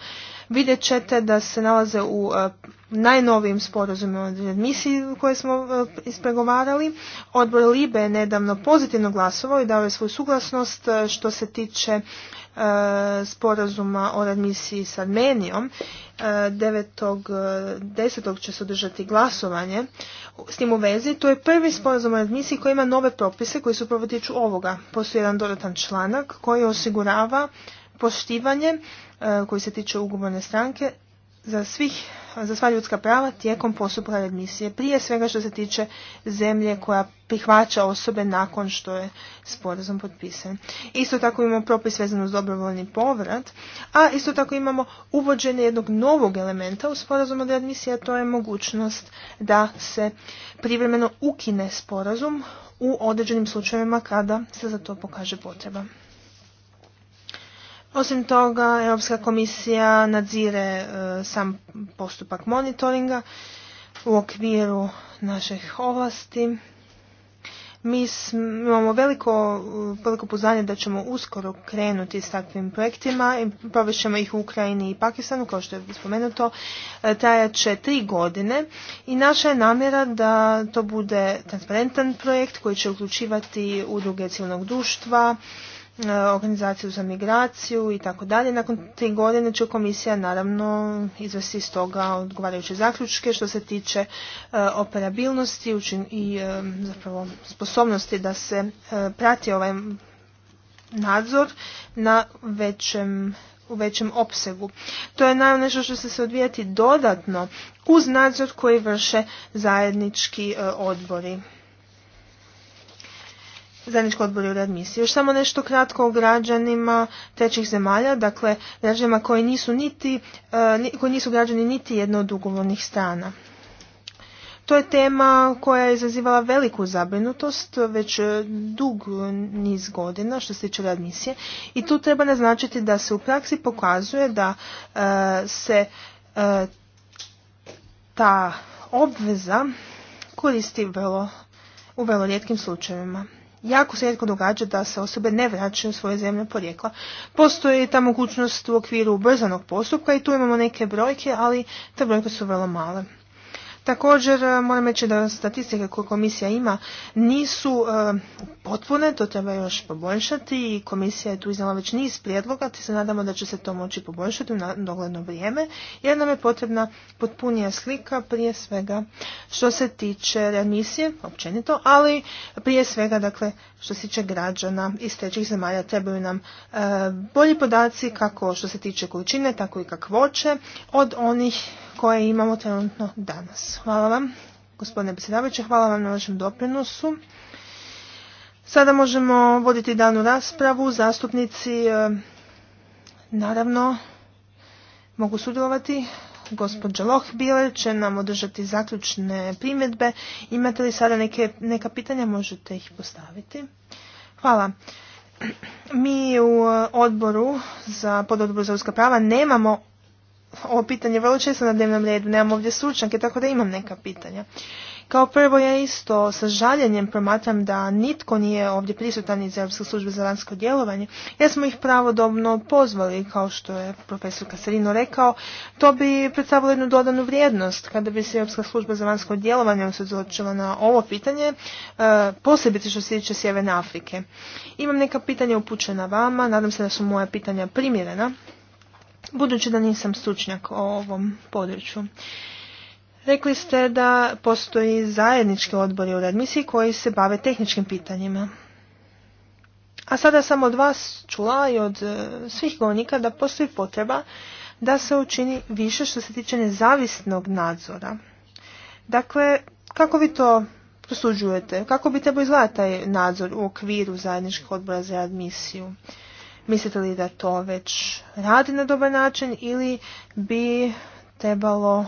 vidjet ćete da se nalaze u e, najnovijim sporazumima o admisiji koje smo e, ispregovarali. Odbor Libe je nedavno pozitivno glasovao i dao je svoju suglasnost e, što se tiče sporazuma o admisiji s Armenijom. 9.10. će se održati glasovanje s tim u vezi. To je prvi sporazum o admisiji koji ima nove propise koji su tiču ovoga. Postoji jedan dodatan članak koji osigurava poštivanje e, koji se tiče ugovorne stranke za, svih, za sva ljudska prava tijekom postupka redmisije, prije svega što se tiče zemlje koja prihvaća osobe nakon što je sporazum potpisan. Isto tako imamo propis vezan uz dobrovoljni povrat, a isto tako imamo uvođenje jednog novog elementa u sporazum od redmisije, a to je mogućnost da se privremeno ukine sporazum u određenim slučajevima kada se za to pokaže potreba. Osim toga, Europska komisija nadzire e, sam postupak monitoringa u okviru naših ovlasti. Mi imamo veliko, veliko poznanje da ćemo uskoro krenuti s takvim projektima i provest ih u Ukrajini i Pakistanu, kao što je spomenuto, e, trajat će tri godine i naša je namjera da to bude transparentan projekt koji će uključivati udruge civilnog društva, E, organizaciju za migraciju i tako dalje. Nakon tri godine će komisija naravno izvesti iz toga odgovarajuće zaključke što se tiče e, operabilnosti i e, zapravo sposobnosti da se prati ovaj nadzor na većem u većem opsegu. To je naravno nešto što će se odvijati dodatno uz nadzor koji vrše zajednički odbori zajedničko u readmisiji. Još samo nešto kratko o građanima trećih zemalja, dakle građanima koji nisu, niti, e, koji nisu građani niti jedno od ugovornih strana. To je tema koja je izazivala veliku zabrinutost već e, dug niz godina što se tiče readmisije i tu treba naznačiti da se u praksi pokazuje da e, se ta obveza koristi vrlo, u vrlo rijetkim slučajevima jako se rijetko događa da se osobe ne vraćaju u svoje zemlje porijekla. Postoji ta mogućnost u okviru ubrzanog postupka i tu imamo neke brojke, ali te brojke su vrlo male. Također e, moram reći da statistike koje komisija ima nisu e, potpune, to treba još poboljšati i komisija je tu iznala već niz prijedloga te se nadamo da će se to moći poboljšati u dogledno vrijeme jer nam je potrebna potpunija slika prije svega što se tiče remisije, općenito, ali prije svega dakle što se tiče građana iz trećih zemalja trebaju nam e, bolji podaci kako što se tiče količine tako i kakvoće od onih koje imamo trenutno danas. Hvala vam, gospodine predsjedavajući, hvala vam na vašem doprinosu. Sada možemo voditi danu raspravu. Zastupnici, e, naravno, mogu sudjelovati. Gospođa Lohbiler će nam održati zaključne primjedbe. Imate li sada neke, neka pitanja? Možete ih postaviti. Hvala. Mi u odboru za pododboru za ljudska prava nemamo ovo pitanje vrlo često na dnevnom redu, nemam ovdje stručnjake, tako da imam neka pitanja. Kao prvo ja isto sa žaljenjem promatram da nitko nije ovdje prisutan iz Europske službe za vanjsko djelovanje, jer smo ih pravodobno pozvali, kao što je profesor Kasarino rekao, to bi predstavilo jednu dodanu vrijednost kada bi se Europska služba za vanjsko djelovanje osjećala na ovo pitanje, e, posebice što se tiče Sjeverne Afrike. Imam neka pitanja upućena vama, nadam se da su moja pitanja primjerena. Budući da nisam stručnjak o ovom području. Rekli ste da postoji zajednički odbori u radmisiji koji se bave tehničkim pitanjima. A sada sam od vas čula i od e, svih govornika da postoji potreba da se učini više što se tiče nezavisnog nadzora. Dakle, kako vi to prosuđujete? Kako bi trebao izgledati taj nadzor u okviru zajedničkih odbora za admisiju? Mislite li da to već radi na dobar način ili bi trebalo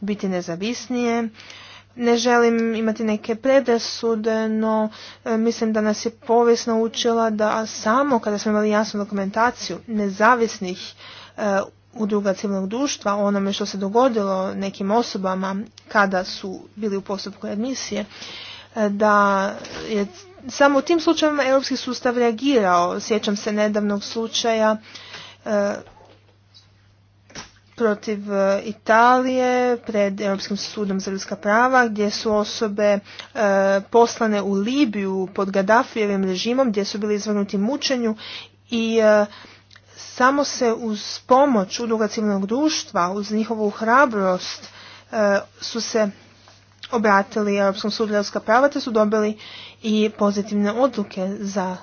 biti nezavisnije? Ne želim imati neke predrasude, no e, mislim da nas je povijest naučila da samo kada smo imali jasnu dokumentaciju nezavisnih e, udruga civilnog društva, onome što se dogodilo nekim osobama kada su bili u postupku admisije, da je samo u tim slučajevima europski sustav reagirao. Sjećam se nedavnog slučaja e, protiv e, Italije pred Europskim sudom za ljudska prava gdje su osobe e, poslane u Libiju pod Gaddafijevim režimom gdje su bili izvrnuti mučenju i samo se uz pomoć udruga civilnog društva, uz njihovu hrabrost su se obratili Europskom sudu ljudska prava te su dobili i pozitivne odluke za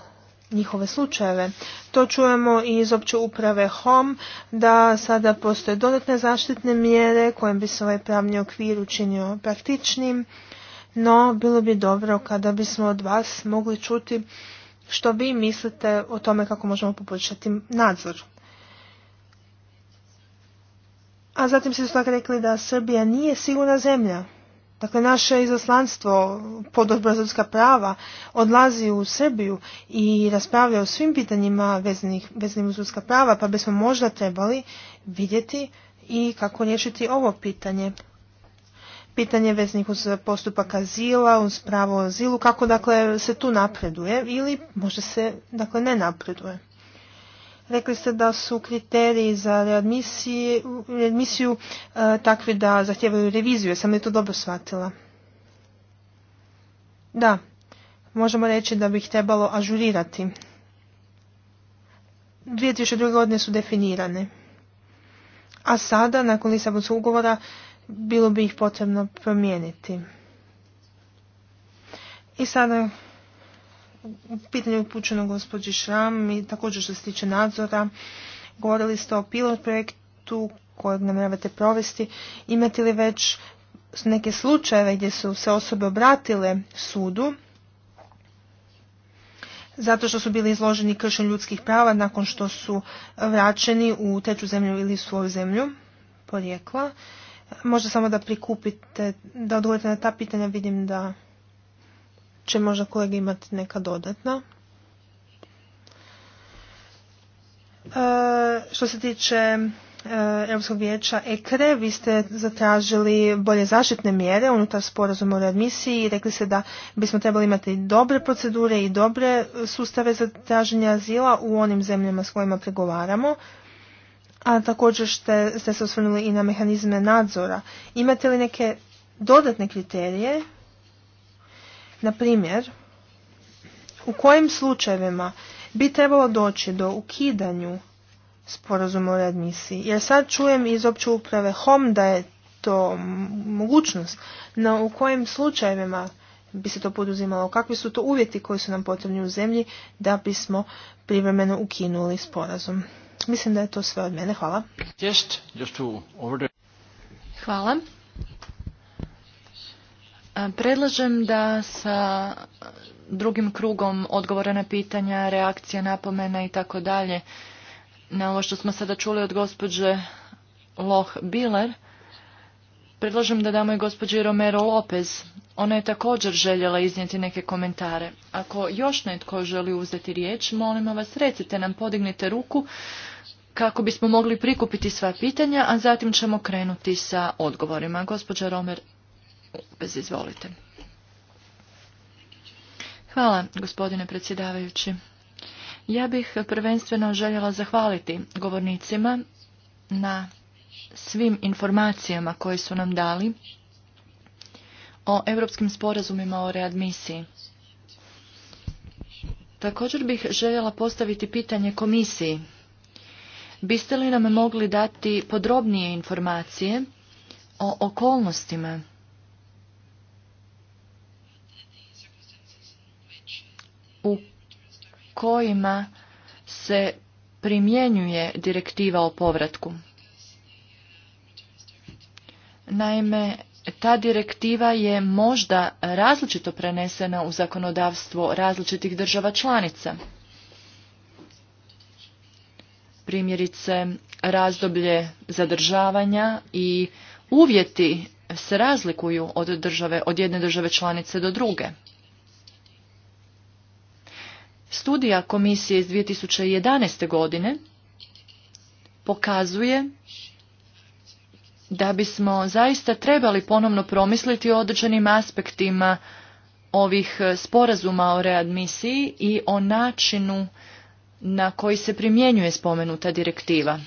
njihove slučajeve. To čujemo i iz opće uprave HOM da sada postoje dodatne zaštitne mjere kojim bi se ovaj pravni okvir učinio praktičnim, no bilo bi dobro kada bismo od vas mogli čuti što vi mislite o tome kako možemo poboljšati nadzor. A zatim ste rekli da Srbija nije sigurna zemlja. Dakle, naše izaslanstvo pod prava odlazi u Srbiju i raspravlja o svim pitanjima vezanih, vezanim uz ljudska prava, pa bismo možda trebali vidjeti i kako riješiti ovo pitanje. Pitanje vezanih uz postupak azila, uz pravo azilu, kako dakle se tu napreduje ili možda se dakle ne napreduje. Rekli ste da su kriteriji za readmisiju e, takvi da zahtijevaju reviziju. Sam li to dobro shvatila? Da, možemo reći da bi ih trebalo ažurirati. 2002. godine su definirane. A sada, nakon Lisabonskog ugovora, bilo bi ih potrebno promijeniti. I sada pitanje je upućeno gospođi Šram i također što se tiče nadzora. Govorili ste o pilot projektu kojeg namjeravate provesti. Imate li već neke slučajeve gdje su se osobe obratile sudu zato što su bili izloženi kršenju ljudskih prava nakon što su vraćeni u teču zemlju ili svoju zemlju porijekla. Možda samo da prikupite, da odgovorite na ta pitanja, vidim da će možda kolega imati neka dodatna. E, što se tiče e, Europskog vijeća EKRE, e, vi ste zatražili bolje zaštitne mjere unutar sporazuma o readmisiji i rekli ste da bismo trebali imati dobre procedure i dobre sustave za traženje azila u onim zemljama s kojima pregovaramo. A također ste, ste se osvrnuli i na mehanizme nadzora. Imate li neke dodatne kriterije na primjer, u kojim slučajevima bi trebalo doći do ukidanju sporazuma o readmisiji? Jer sad čujem iz opće uprave HOM da je to mogućnost, no u kojim slučajevima bi se to poduzimalo, kakvi su to uvjeti koji su nam potrebni u zemlji da bismo privremeno ukinuli sporazum. Mislim da je to sve od mene. Hvala. Hvala.
E, predlažem da sa drugim krugom odgovora na pitanja, reakcija, napomena i tako dalje na ovo što smo sada čuli od gospođe Loh Biller, predlažem da damo i gospođi Romero Lopez. Ona je također željela iznijeti neke komentare. Ako još netko želi uzeti riječ, molimo vas recite nam, podignite ruku kako bismo mogli prikupiti sva pitanja, a zatim ćemo krenuti sa odgovorima. Gospođa Romer Bez izvolite. Hvala, gospodine predsjedavajući. Ja bih prvenstveno željela zahvaliti govornicima na svim informacijama koje su nam dali o europskim sporazumima o readmisiji. Također bih željela postaviti pitanje komisiji. Biste li nam mogli dati podrobnije informacije o okolnostima u kojima se primjenjuje direktiva o povratku. Naime, ta direktiva je možda različito prenesena u zakonodavstvo različitih država članica. Primjerice, razdoblje zadržavanja i uvjeti se razlikuju od, od jedne države članice do druge. Studija komisije iz 2011. godine pokazuje da bismo zaista trebali ponovno promisliti o određenim aspektima ovih sporazuma o readmisiji i o načinu na koji se primjenjuje spomenuta direktiva.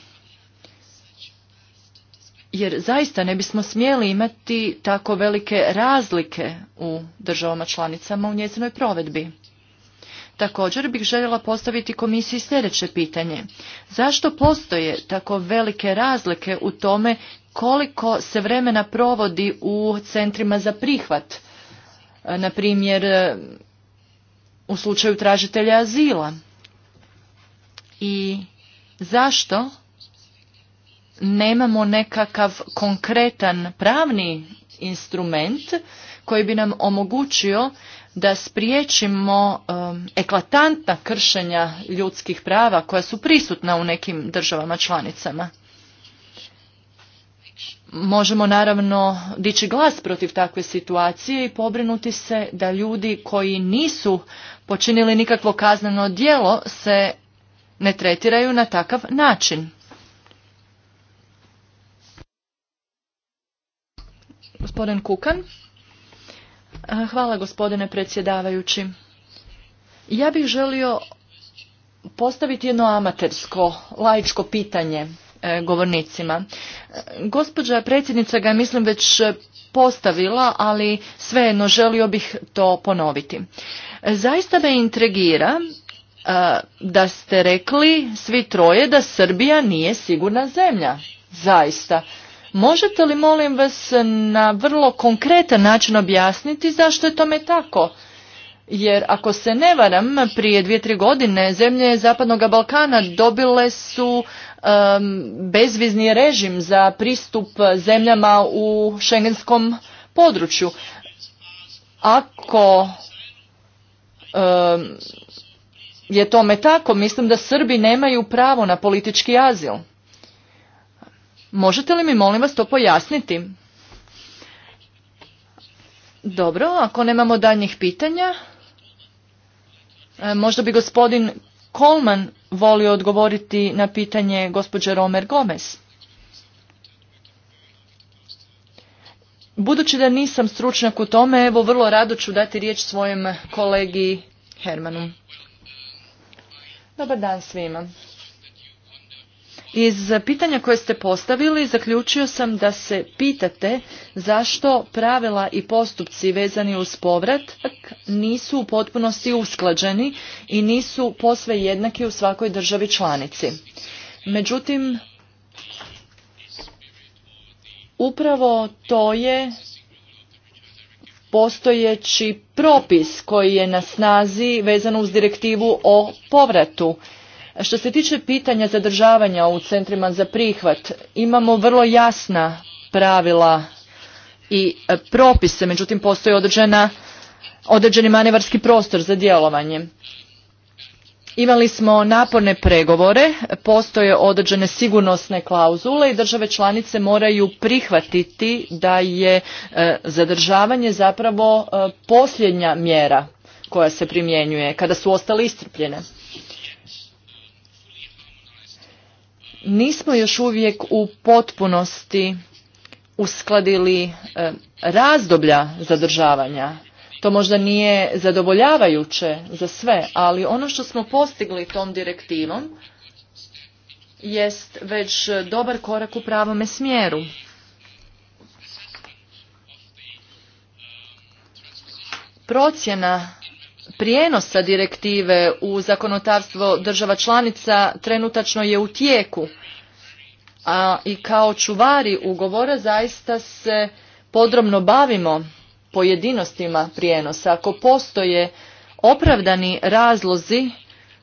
Jer zaista ne bismo smjeli imati tako velike razlike u državama članicama u njezinoj provedbi. Također bih željela postaviti komisiji sljedeće pitanje. Zašto postoje tako velike razlike u tome koliko se vremena provodi u centrima za prihvat? E, na primjer, e, u slučaju tražitelja azila. I zašto nemamo nekakav konkretan pravni instrument koji bi nam omogućio da spriječimo um, eklatantna kršenja ljudskih prava koja su prisutna u nekim državama članicama. Možemo naravno dići glas protiv takve situacije i pobrinuti se da ljudi koji nisu počinili nikakvo kazneno djelo se ne tretiraju na takav način. Gospodin Kukan. Hvala gospodine predsjedavajući. Ja bih želio postaviti jedno amatersko, laičko pitanje e, govornicima. E, gospođa predsjednica ga mislim već postavila, ali svejedno želio bih to ponoviti. Zaista me intrigira e, da ste rekli svi troje da Srbija nije sigurna zemlja. Zaista. Možete li, molim vas, na vrlo konkretan način objasniti zašto je tome tako? Jer ako se ne varam, prije dvije, tri godine zemlje Zapadnog Balkana dobile su bezvizni režim za pristup zemljama u šengenskom području. Ako je tome tako, mislim da Srbi nemaju pravo na politički azil. Možete li mi molim vas to pojasniti? Dobro, ako nemamo daljnjih pitanja, e, možda bi gospodin Kolman volio odgovoriti na pitanje gospođe Romer Gomez. Budući da nisam stručnjak u tome, evo vrlo rado ću dati riječ svojem kolegi Hermanu. Dobar dan svima. Iz pitanja koje ste postavili zaključio sam da se pitate zašto pravila i postupci vezani uz povrat nisu u potpunosti usklađeni i nisu posve jednaki u svakoj državi članici. Međutim, upravo to je postojeći propis koji je na snazi vezan uz direktivu o povratu što se tiče pitanja zadržavanja u centrima za prihvat, imamo vrlo jasna pravila i e, propise, međutim postoji određena, određeni manevarski prostor za djelovanje. Imali smo naporne pregovore, postoje određene sigurnosne klauzule i države članice moraju prihvatiti da je e, zadržavanje zapravo e, posljednja mjera koja se primjenjuje kada su ostale iscrpljene. nismo još uvijek u potpunosti uskladili e, razdoblja zadržavanja. To možda nije zadovoljavajuće za sve, ali ono što smo postigli tom direktivom jest već dobar korak u pravome smjeru. Procjena prijenosa direktive u zakonodavstvo država članica trenutačno je u tijeku. A i kao čuvari ugovora zaista se podrobno bavimo pojedinostima prijenosa. Ako postoje opravdani razlozi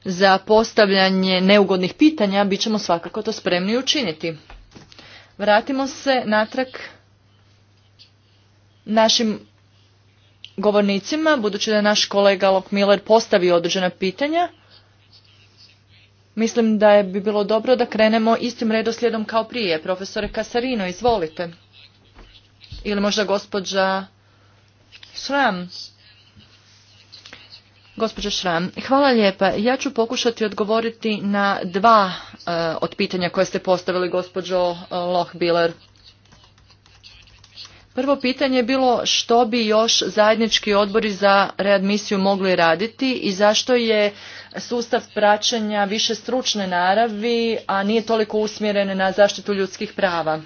za postavljanje neugodnih pitanja, bit ćemo svakako to spremni učiniti. Vratimo se natrag našim govornicima, budući da je naš kolega Locke-Miller postavio određena pitanja. Mislim da je bi bilo dobro da krenemo istim redoslijedom kao prije. Profesore Kasarino, izvolite. Ili možda gospođa sram Gospođa Šram, hvala lijepa. Ja ću pokušati odgovoriti na dva eh, od pitanja koje ste postavili, gospođo eh, Lohbiler. Prvo pitanje je bilo što bi još zajednički odbori za readmisiju mogli raditi i zašto je sustav praćenja više stručne naravi, a nije toliko usmjeren na zaštitu ljudskih prava.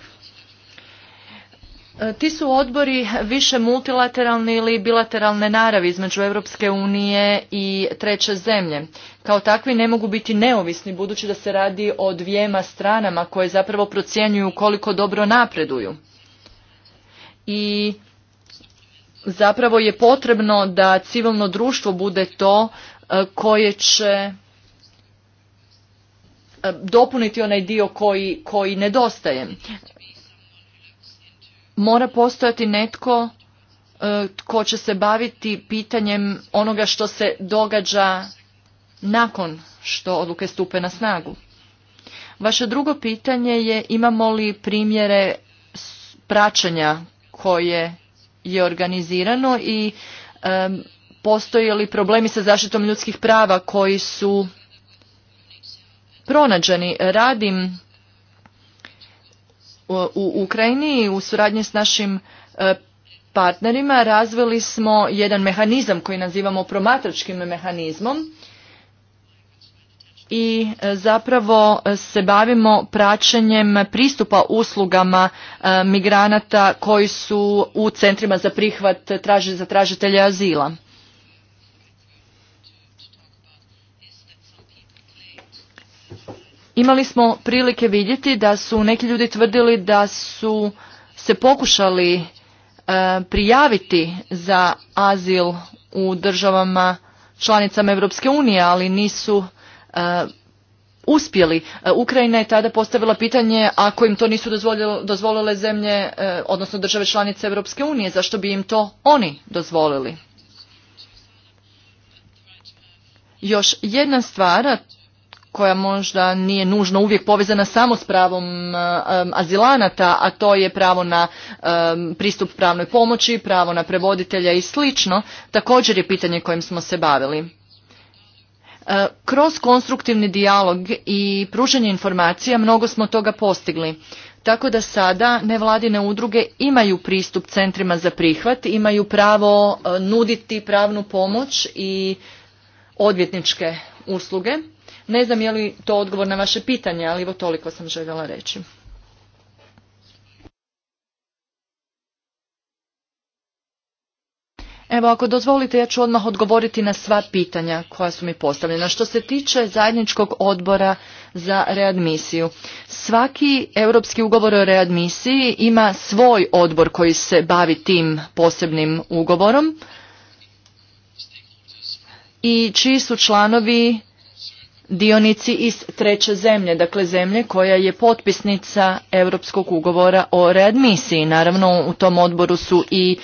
E, ti su odbori više multilateralni ili bilateralne naravi između Europske unije i treće zemlje. Kao takvi ne mogu biti neovisni budući da se radi o dvijema stranama koje zapravo procjenjuju koliko dobro napreduju i zapravo je potrebno da civilno društvo bude to e, koje će e, dopuniti onaj dio koji, koji nedostaje. Mora postojati netko e, tko će se baviti pitanjem onoga što se događa nakon što odluke stupe na snagu. Vaše drugo pitanje je imamo li primjere praćenja koje je organizirano i postoje li problemi sa zaštitom ljudskih prava koji su pronađeni. Radim u Ukrajini u suradnji s našim e, partnerima razvili smo jedan mehanizam koji nazivamo promatračkim mehanizmom i e, zapravo e, se bavimo praćenjem pristupa uslugama e, migranata koji su u centrima za prihvat traži, za tražitelje azila. Imali smo prilike vidjeti da su neki ljudi tvrdili da su se pokušali prijaviti za azil u državama članicama Europske unije, ali nisu E, uspjeli. E, Ukrajina je tada postavila pitanje ako im to nisu dozvolile zemlje, e, odnosno države članice Europske unije, zašto bi im to oni dozvolili? Još jedna stvar koja možda nije nužno uvijek povezana samo s pravom azilanata, a to je pravo na pristup pravnoj pomoći, pravo na prevoditelja i slično, također je pitanje kojim smo se bavili. E, kroz konstruktivni dijalog i pružanje informacija mnogo smo toga postigli. Tako da sada nevladine udruge imaju pristup centrima za prihvat, imaju pravo e, nuditi pravnu pomoć i odvjetničke usluge. Ne znam je li to odgovor na vaše pitanje, ali evo toliko sam željela reći. Evo, ako dozvolite, ja ću odmah odgovoriti na sva pitanja koja su mi postavljena. Što se tiče zajedničkog odbora za readmisiju, svaki europski ugovor o readmisiji ima svoj odbor koji se bavi tim posebnim ugovorom i čiji su članovi dionici iz treće zemlje, dakle zemlje koja je potpisnica Europskog ugovora o readmisiji. Naravno, u tom odboru su i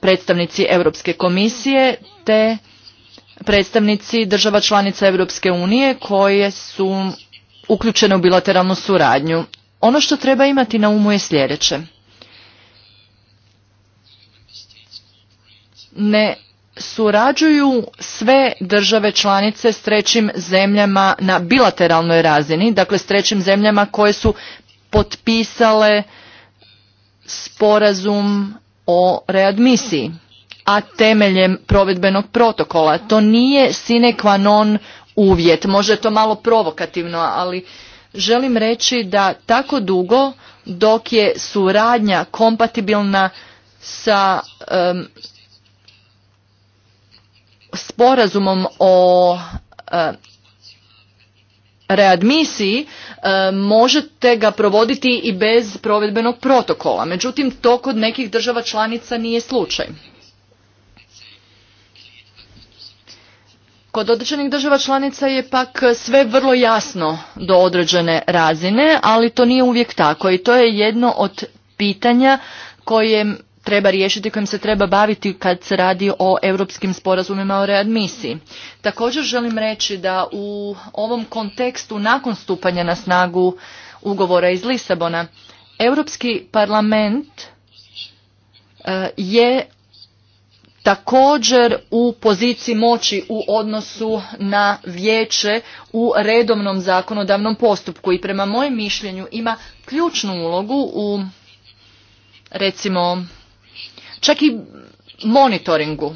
predstavnici Europske komisije te predstavnici država članica Europske unije koje su uključene u bilateralnu suradnju. Ono što treba imati na umu je sljedeće. Ne surađuju sve države članice s trećim zemljama na bilateralnoj razini, dakle s trećim zemljama koje su potpisale sporazum o readmisiji, a temeljem provedbenog protokola. To nije sine qua non uvjet, možda je to malo provokativno, ali želim reći da tako dugo dok je suradnja kompatibilna sa sporazumom o readmisiji e, možete ga provoditi i bez provedbenog protokola. Međutim, to kod nekih država članica nije slučaj. Kod određenih država članica je pak sve vrlo jasno do određene razine, ali to nije uvijek tako i to je jedno od pitanja kojem treba riješiti, kojim se treba baviti kad se radi o europskim sporazumima o readmisiji. Također želim reći da u ovom kontekstu nakon stupanja na snagu ugovora iz Lisabona, Europski parlament e, je također u poziciji moći u odnosu na vijeće u redovnom zakonodavnom postupku i prema mojem mišljenju ima ključnu ulogu u recimo čak i monitoringu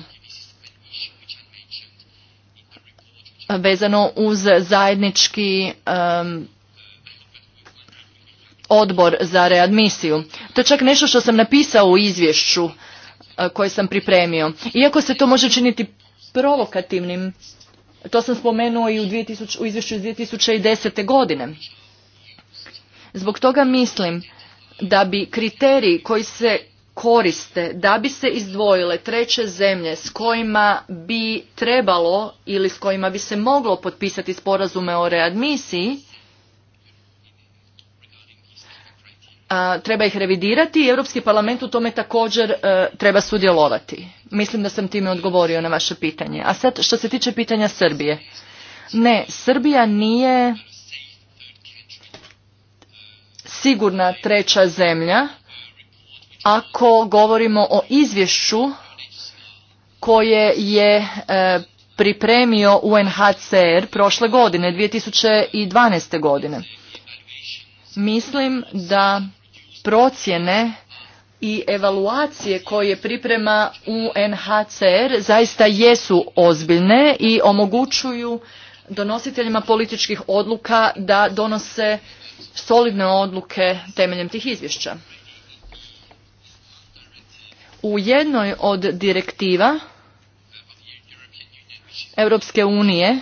vezano uz zajednički odbor za readmisiju. To je čak nešto što sam napisao u izvješću e, koje sam pripremio. Iako se to može činiti provokativnim, to sam spomenuo i u, u izvješću iz 2010. godine. Zbog toga mislim da bi kriteriji koji se koriste da bi se izdvojile treće zemlje s kojima bi trebalo ili s kojima bi se moglo potpisati sporazume o readmisiji, a, treba ih revidirati i Europski parlament u tome također e, treba sudjelovati. Mislim da sam time odgovorio na vaše pitanje. A sad što se tiče pitanja Srbije. Ne, Srbija nije sigurna treća zemlja ako govorimo o izvješću koje je e, pripremio UNHCR prošle godine, 2012. godine. Mislim da procjene i evaluacije koje priprema UNHCR zaista jesu ozbiljne i omogućuju donositeljima političkih odluka da donose solidne odluke temeljem tih izvješća. U jednoj od direktiva Europske unije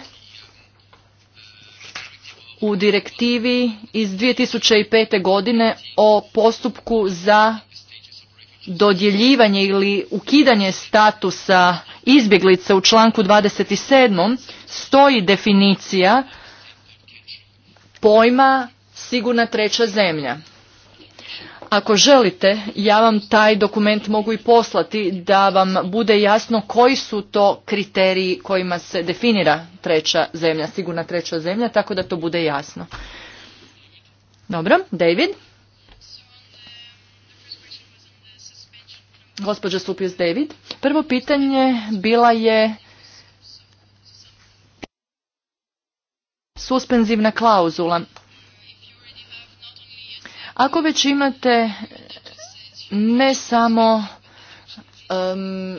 u direktivi iz 2005. godine o postupku za dodjeljivanje ili ukidanje statusa izbjeglice u članku 27. stoji definicija pojma sigurna treća zemlja. Ako želite, ja vam taj dokument mogu i poslati da vam bude jasno koji su to kriteriji kojima se definira treća zemlja, sigurna treća zemlja, tako da to bude jasno. Dobro, David. Gospođa Supius David. Prvo pitanje bila je suspenzivna klauzula. Ako već imate ne samo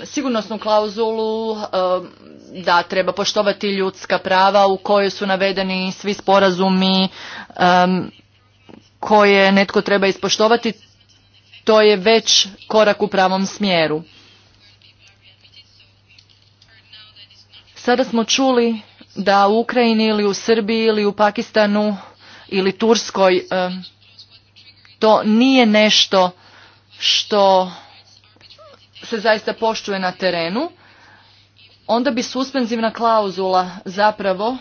sigurnosnu klauzulu da treba poštovati ljudska prava u kojoj su navedeni svi sporazumi koje netko treba ispoštovati, to je već korak u pravom smjeru. Sada smo čuli da u Ukrajini ili u Srbiji ili u Pakistanu ili Turskoj to nije nešto što se zaista poštuje na terenu, onda bi suspenzivna klauzula zapravo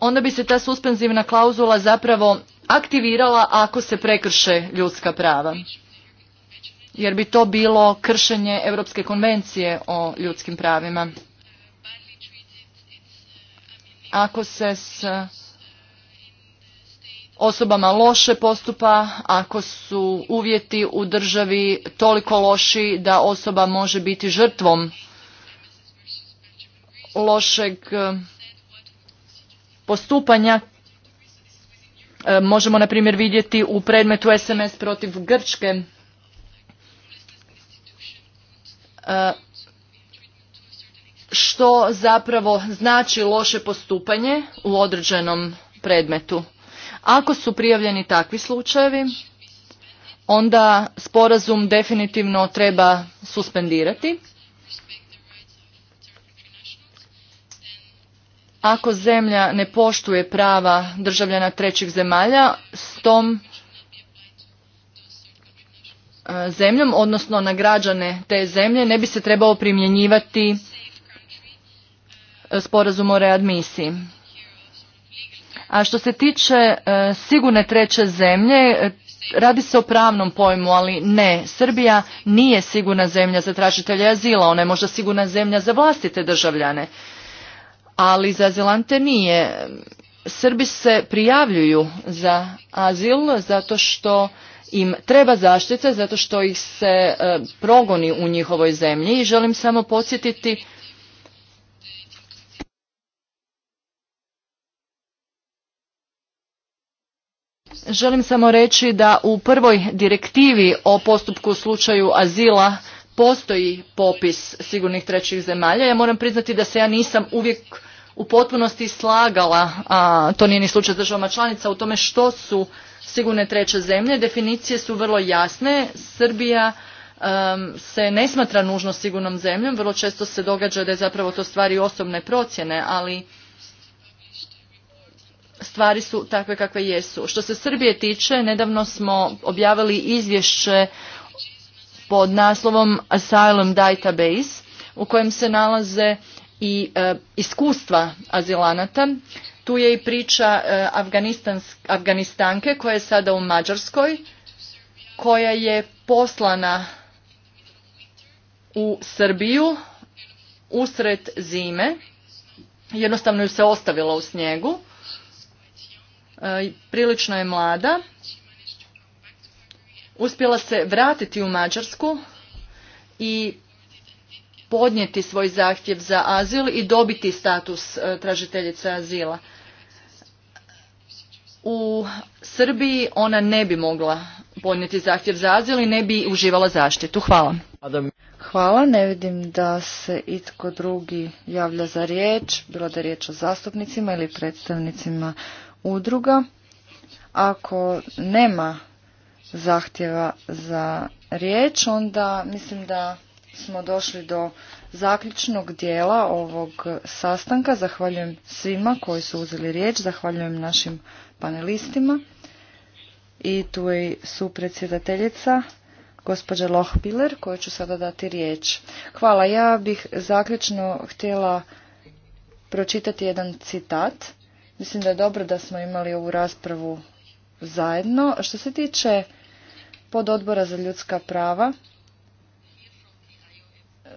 onda bi se ta suspenzivna klauzula zapravo aktivirala ako se prekrše ljudska prava. Jer bi to bilo kršenje Europske konvencije o ljudskim pravima ako se s osobama loše postupa, ako su uvjeti u državi toliko loši da osoba može biti žrtvom lošeg e, postupanja. E, možemo, na primjer, vidjeti u predmetu SMS protiv Grčke e, što zapravo znači loše postupanje u određenom predmetu. Ako su prijavljeni takvi slučajevi, onda sporazum definitivno treba suspendirati. Ako zemlja ne poštuje prava državljana trećih zemalja, s tom e, zemljom, odnosno na građane te zemlje, ne bi se trebao primjenjivati sporazum o readmisiji. A što se tiče e, sigurne treće zemlje, e, Radi se o pravnom pojmu, ali ne, Srbija nije sigurna zemlja za tražitelje azila, ona je možda sigurna zemlja za vlastite državljane, ali za azilante nije. Srbi se prijavljuju za azil zato što im treba zaštite, zato što ih se e, progoni u njihovoj zemlji i želim samo podsjetiti Želim samo reći da u prvoj direktivi o postupku u slučaju azila postoji popis sigurnih trećih zemalja. Ja moram priznati da se ja nisam uvijek u potpunosti slagala, a to nije ni slučaj s državama članica, u tome što su sigurne treće zemlje. Definicije su vrlo jasne. Srbija se ne smatra nužno sigurnom zemljom. Vrlo često se događa da je zapravo to stvari osobne procjene, ali stvari su takve kakve jesu. Što se Srbije tiče, nedavno smo objavili izvješće pod naslovom Asylum Database u kojem se nalaze i e, iskustva azilanata. Tu je i priča e, Afganistanke koja je sada u Mađarskoj, koja je poslana u Srbiju usred zime. Jednostavno ju se ostavila u snijegu E, prilično je mlada, uspjela se vratiti u Mađarsku i podnijeti svoj zahtjev za azil i dobiti status e, tražiteljice azila. U Srbiji ona ne bi mogla podnijeti zahtjev za azil i ne bi uživala zaštitu. Hvala.
Hvala, ne vidim da se itko drugi javlja za riječ, bilo da je riječ o zastupnicima ili predstavnicima udruga, ako nema zahtjeva za riječ, onda mislim da smo došli do zaključnog dijela ovog sastanka. Zahvaljujem svima koji su uzeli riječ, zahvaljujem našim panelistima. I tu je su predsjedateljica gospođa Lohpiler koju ću sada dati riječ. Hvala, ja bih zaključno htjela pročitati jedan citat Mislim da je dobro da smo imali ovu raspravu zajedno. Što se tiče pododbora za ljudska prava,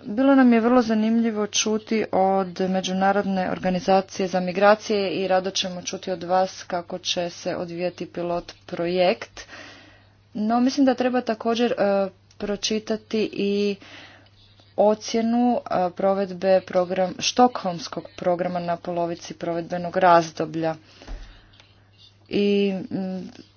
bilo nam je vrlo zanimljivo čuti od Međunarodne organizacije za migracije i rado ćemo čuti od vas kako će se odvijati pilot projekt. No, mislim da treba također e, pročitati i ocjenu e, provedbe program, štokholmskog programa na polovici provedbenog razdoblja. I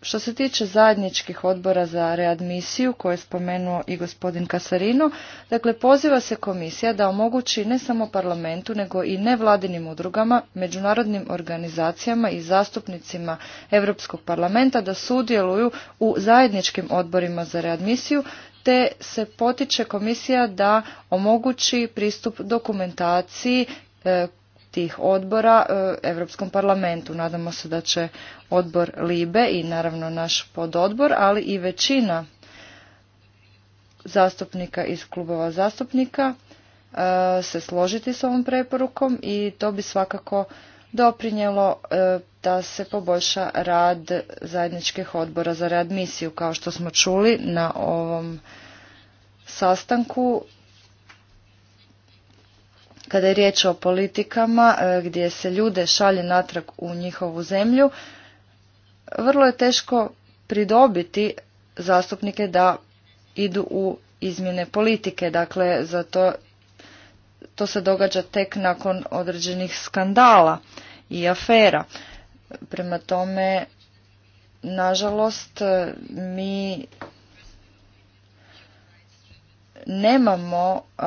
što se tiče zajedničkih odbora za readmisiju koje je spomenuo i gospodin Kasarino, dakle poziva se komisija da omogući ne samo parlamentu nego i nevladinim udrugama, međunarodnim organizacijama i zastupnicima Europskog parlamenta da sudjeluju u zajedničkim odborima za readmisiju te se potiče komisija da omogući pristup dokumentaciji e, tih odbora Europskom parlamentu. Nadamo se da će odbor Libe i naravno naš pododbor, ali i većina zastupnika iz klubova zastupnika e, se složiti s ovom preporukom i to bi svakako doprinjelo e, da se poboljša rad zajedničkih odbora za readmisiju. Kao što smo čuli na ovom sastanku, kada je riječ o politikama e, gdje se ljude šalje natrag u njihovu zemlju, vrlo je teško pridobiti zastupnike da idu u izmjene politike. Dakle, za to to se događa tek nakon određenih skandala i afera. Prema tome, nažalost, mi nemamo e,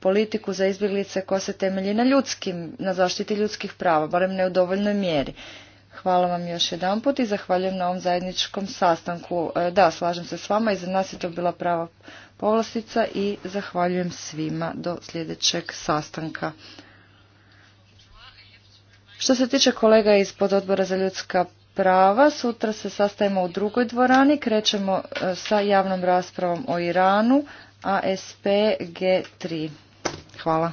politiku za izbjeglice koja se temelji na ljudskim, na zaštiti ljudskih prava, barem ne u dovoljnoj mjeri. Hvala vam još jedanput i zahvaljujem na ovom zajedničkom sastanku. E, da, slažem se s vama i za nas je to bila prava povlastica i zahvaljujem svima do sljedećeg sastanka. Što se tiče kolega iz pododbora za ljudska prava, sutra se sastajemo u drugoj dvorani, krećemo e, sa javnom raspravom o Iranu, ASP G3. Hvala.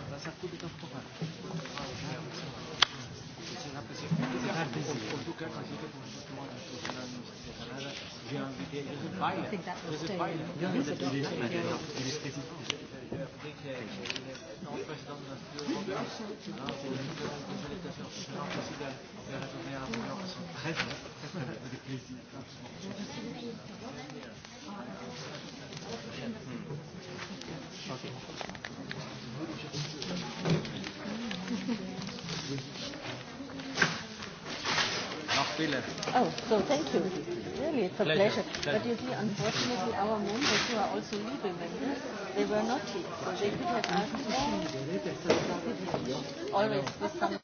Okay.
Oh, so thank you. Really, it's a pleasure. pleasure. pleasure. But you
see, unfortunately, our members who are also leaving members, they were not here,
so they could have
asked. Always with some.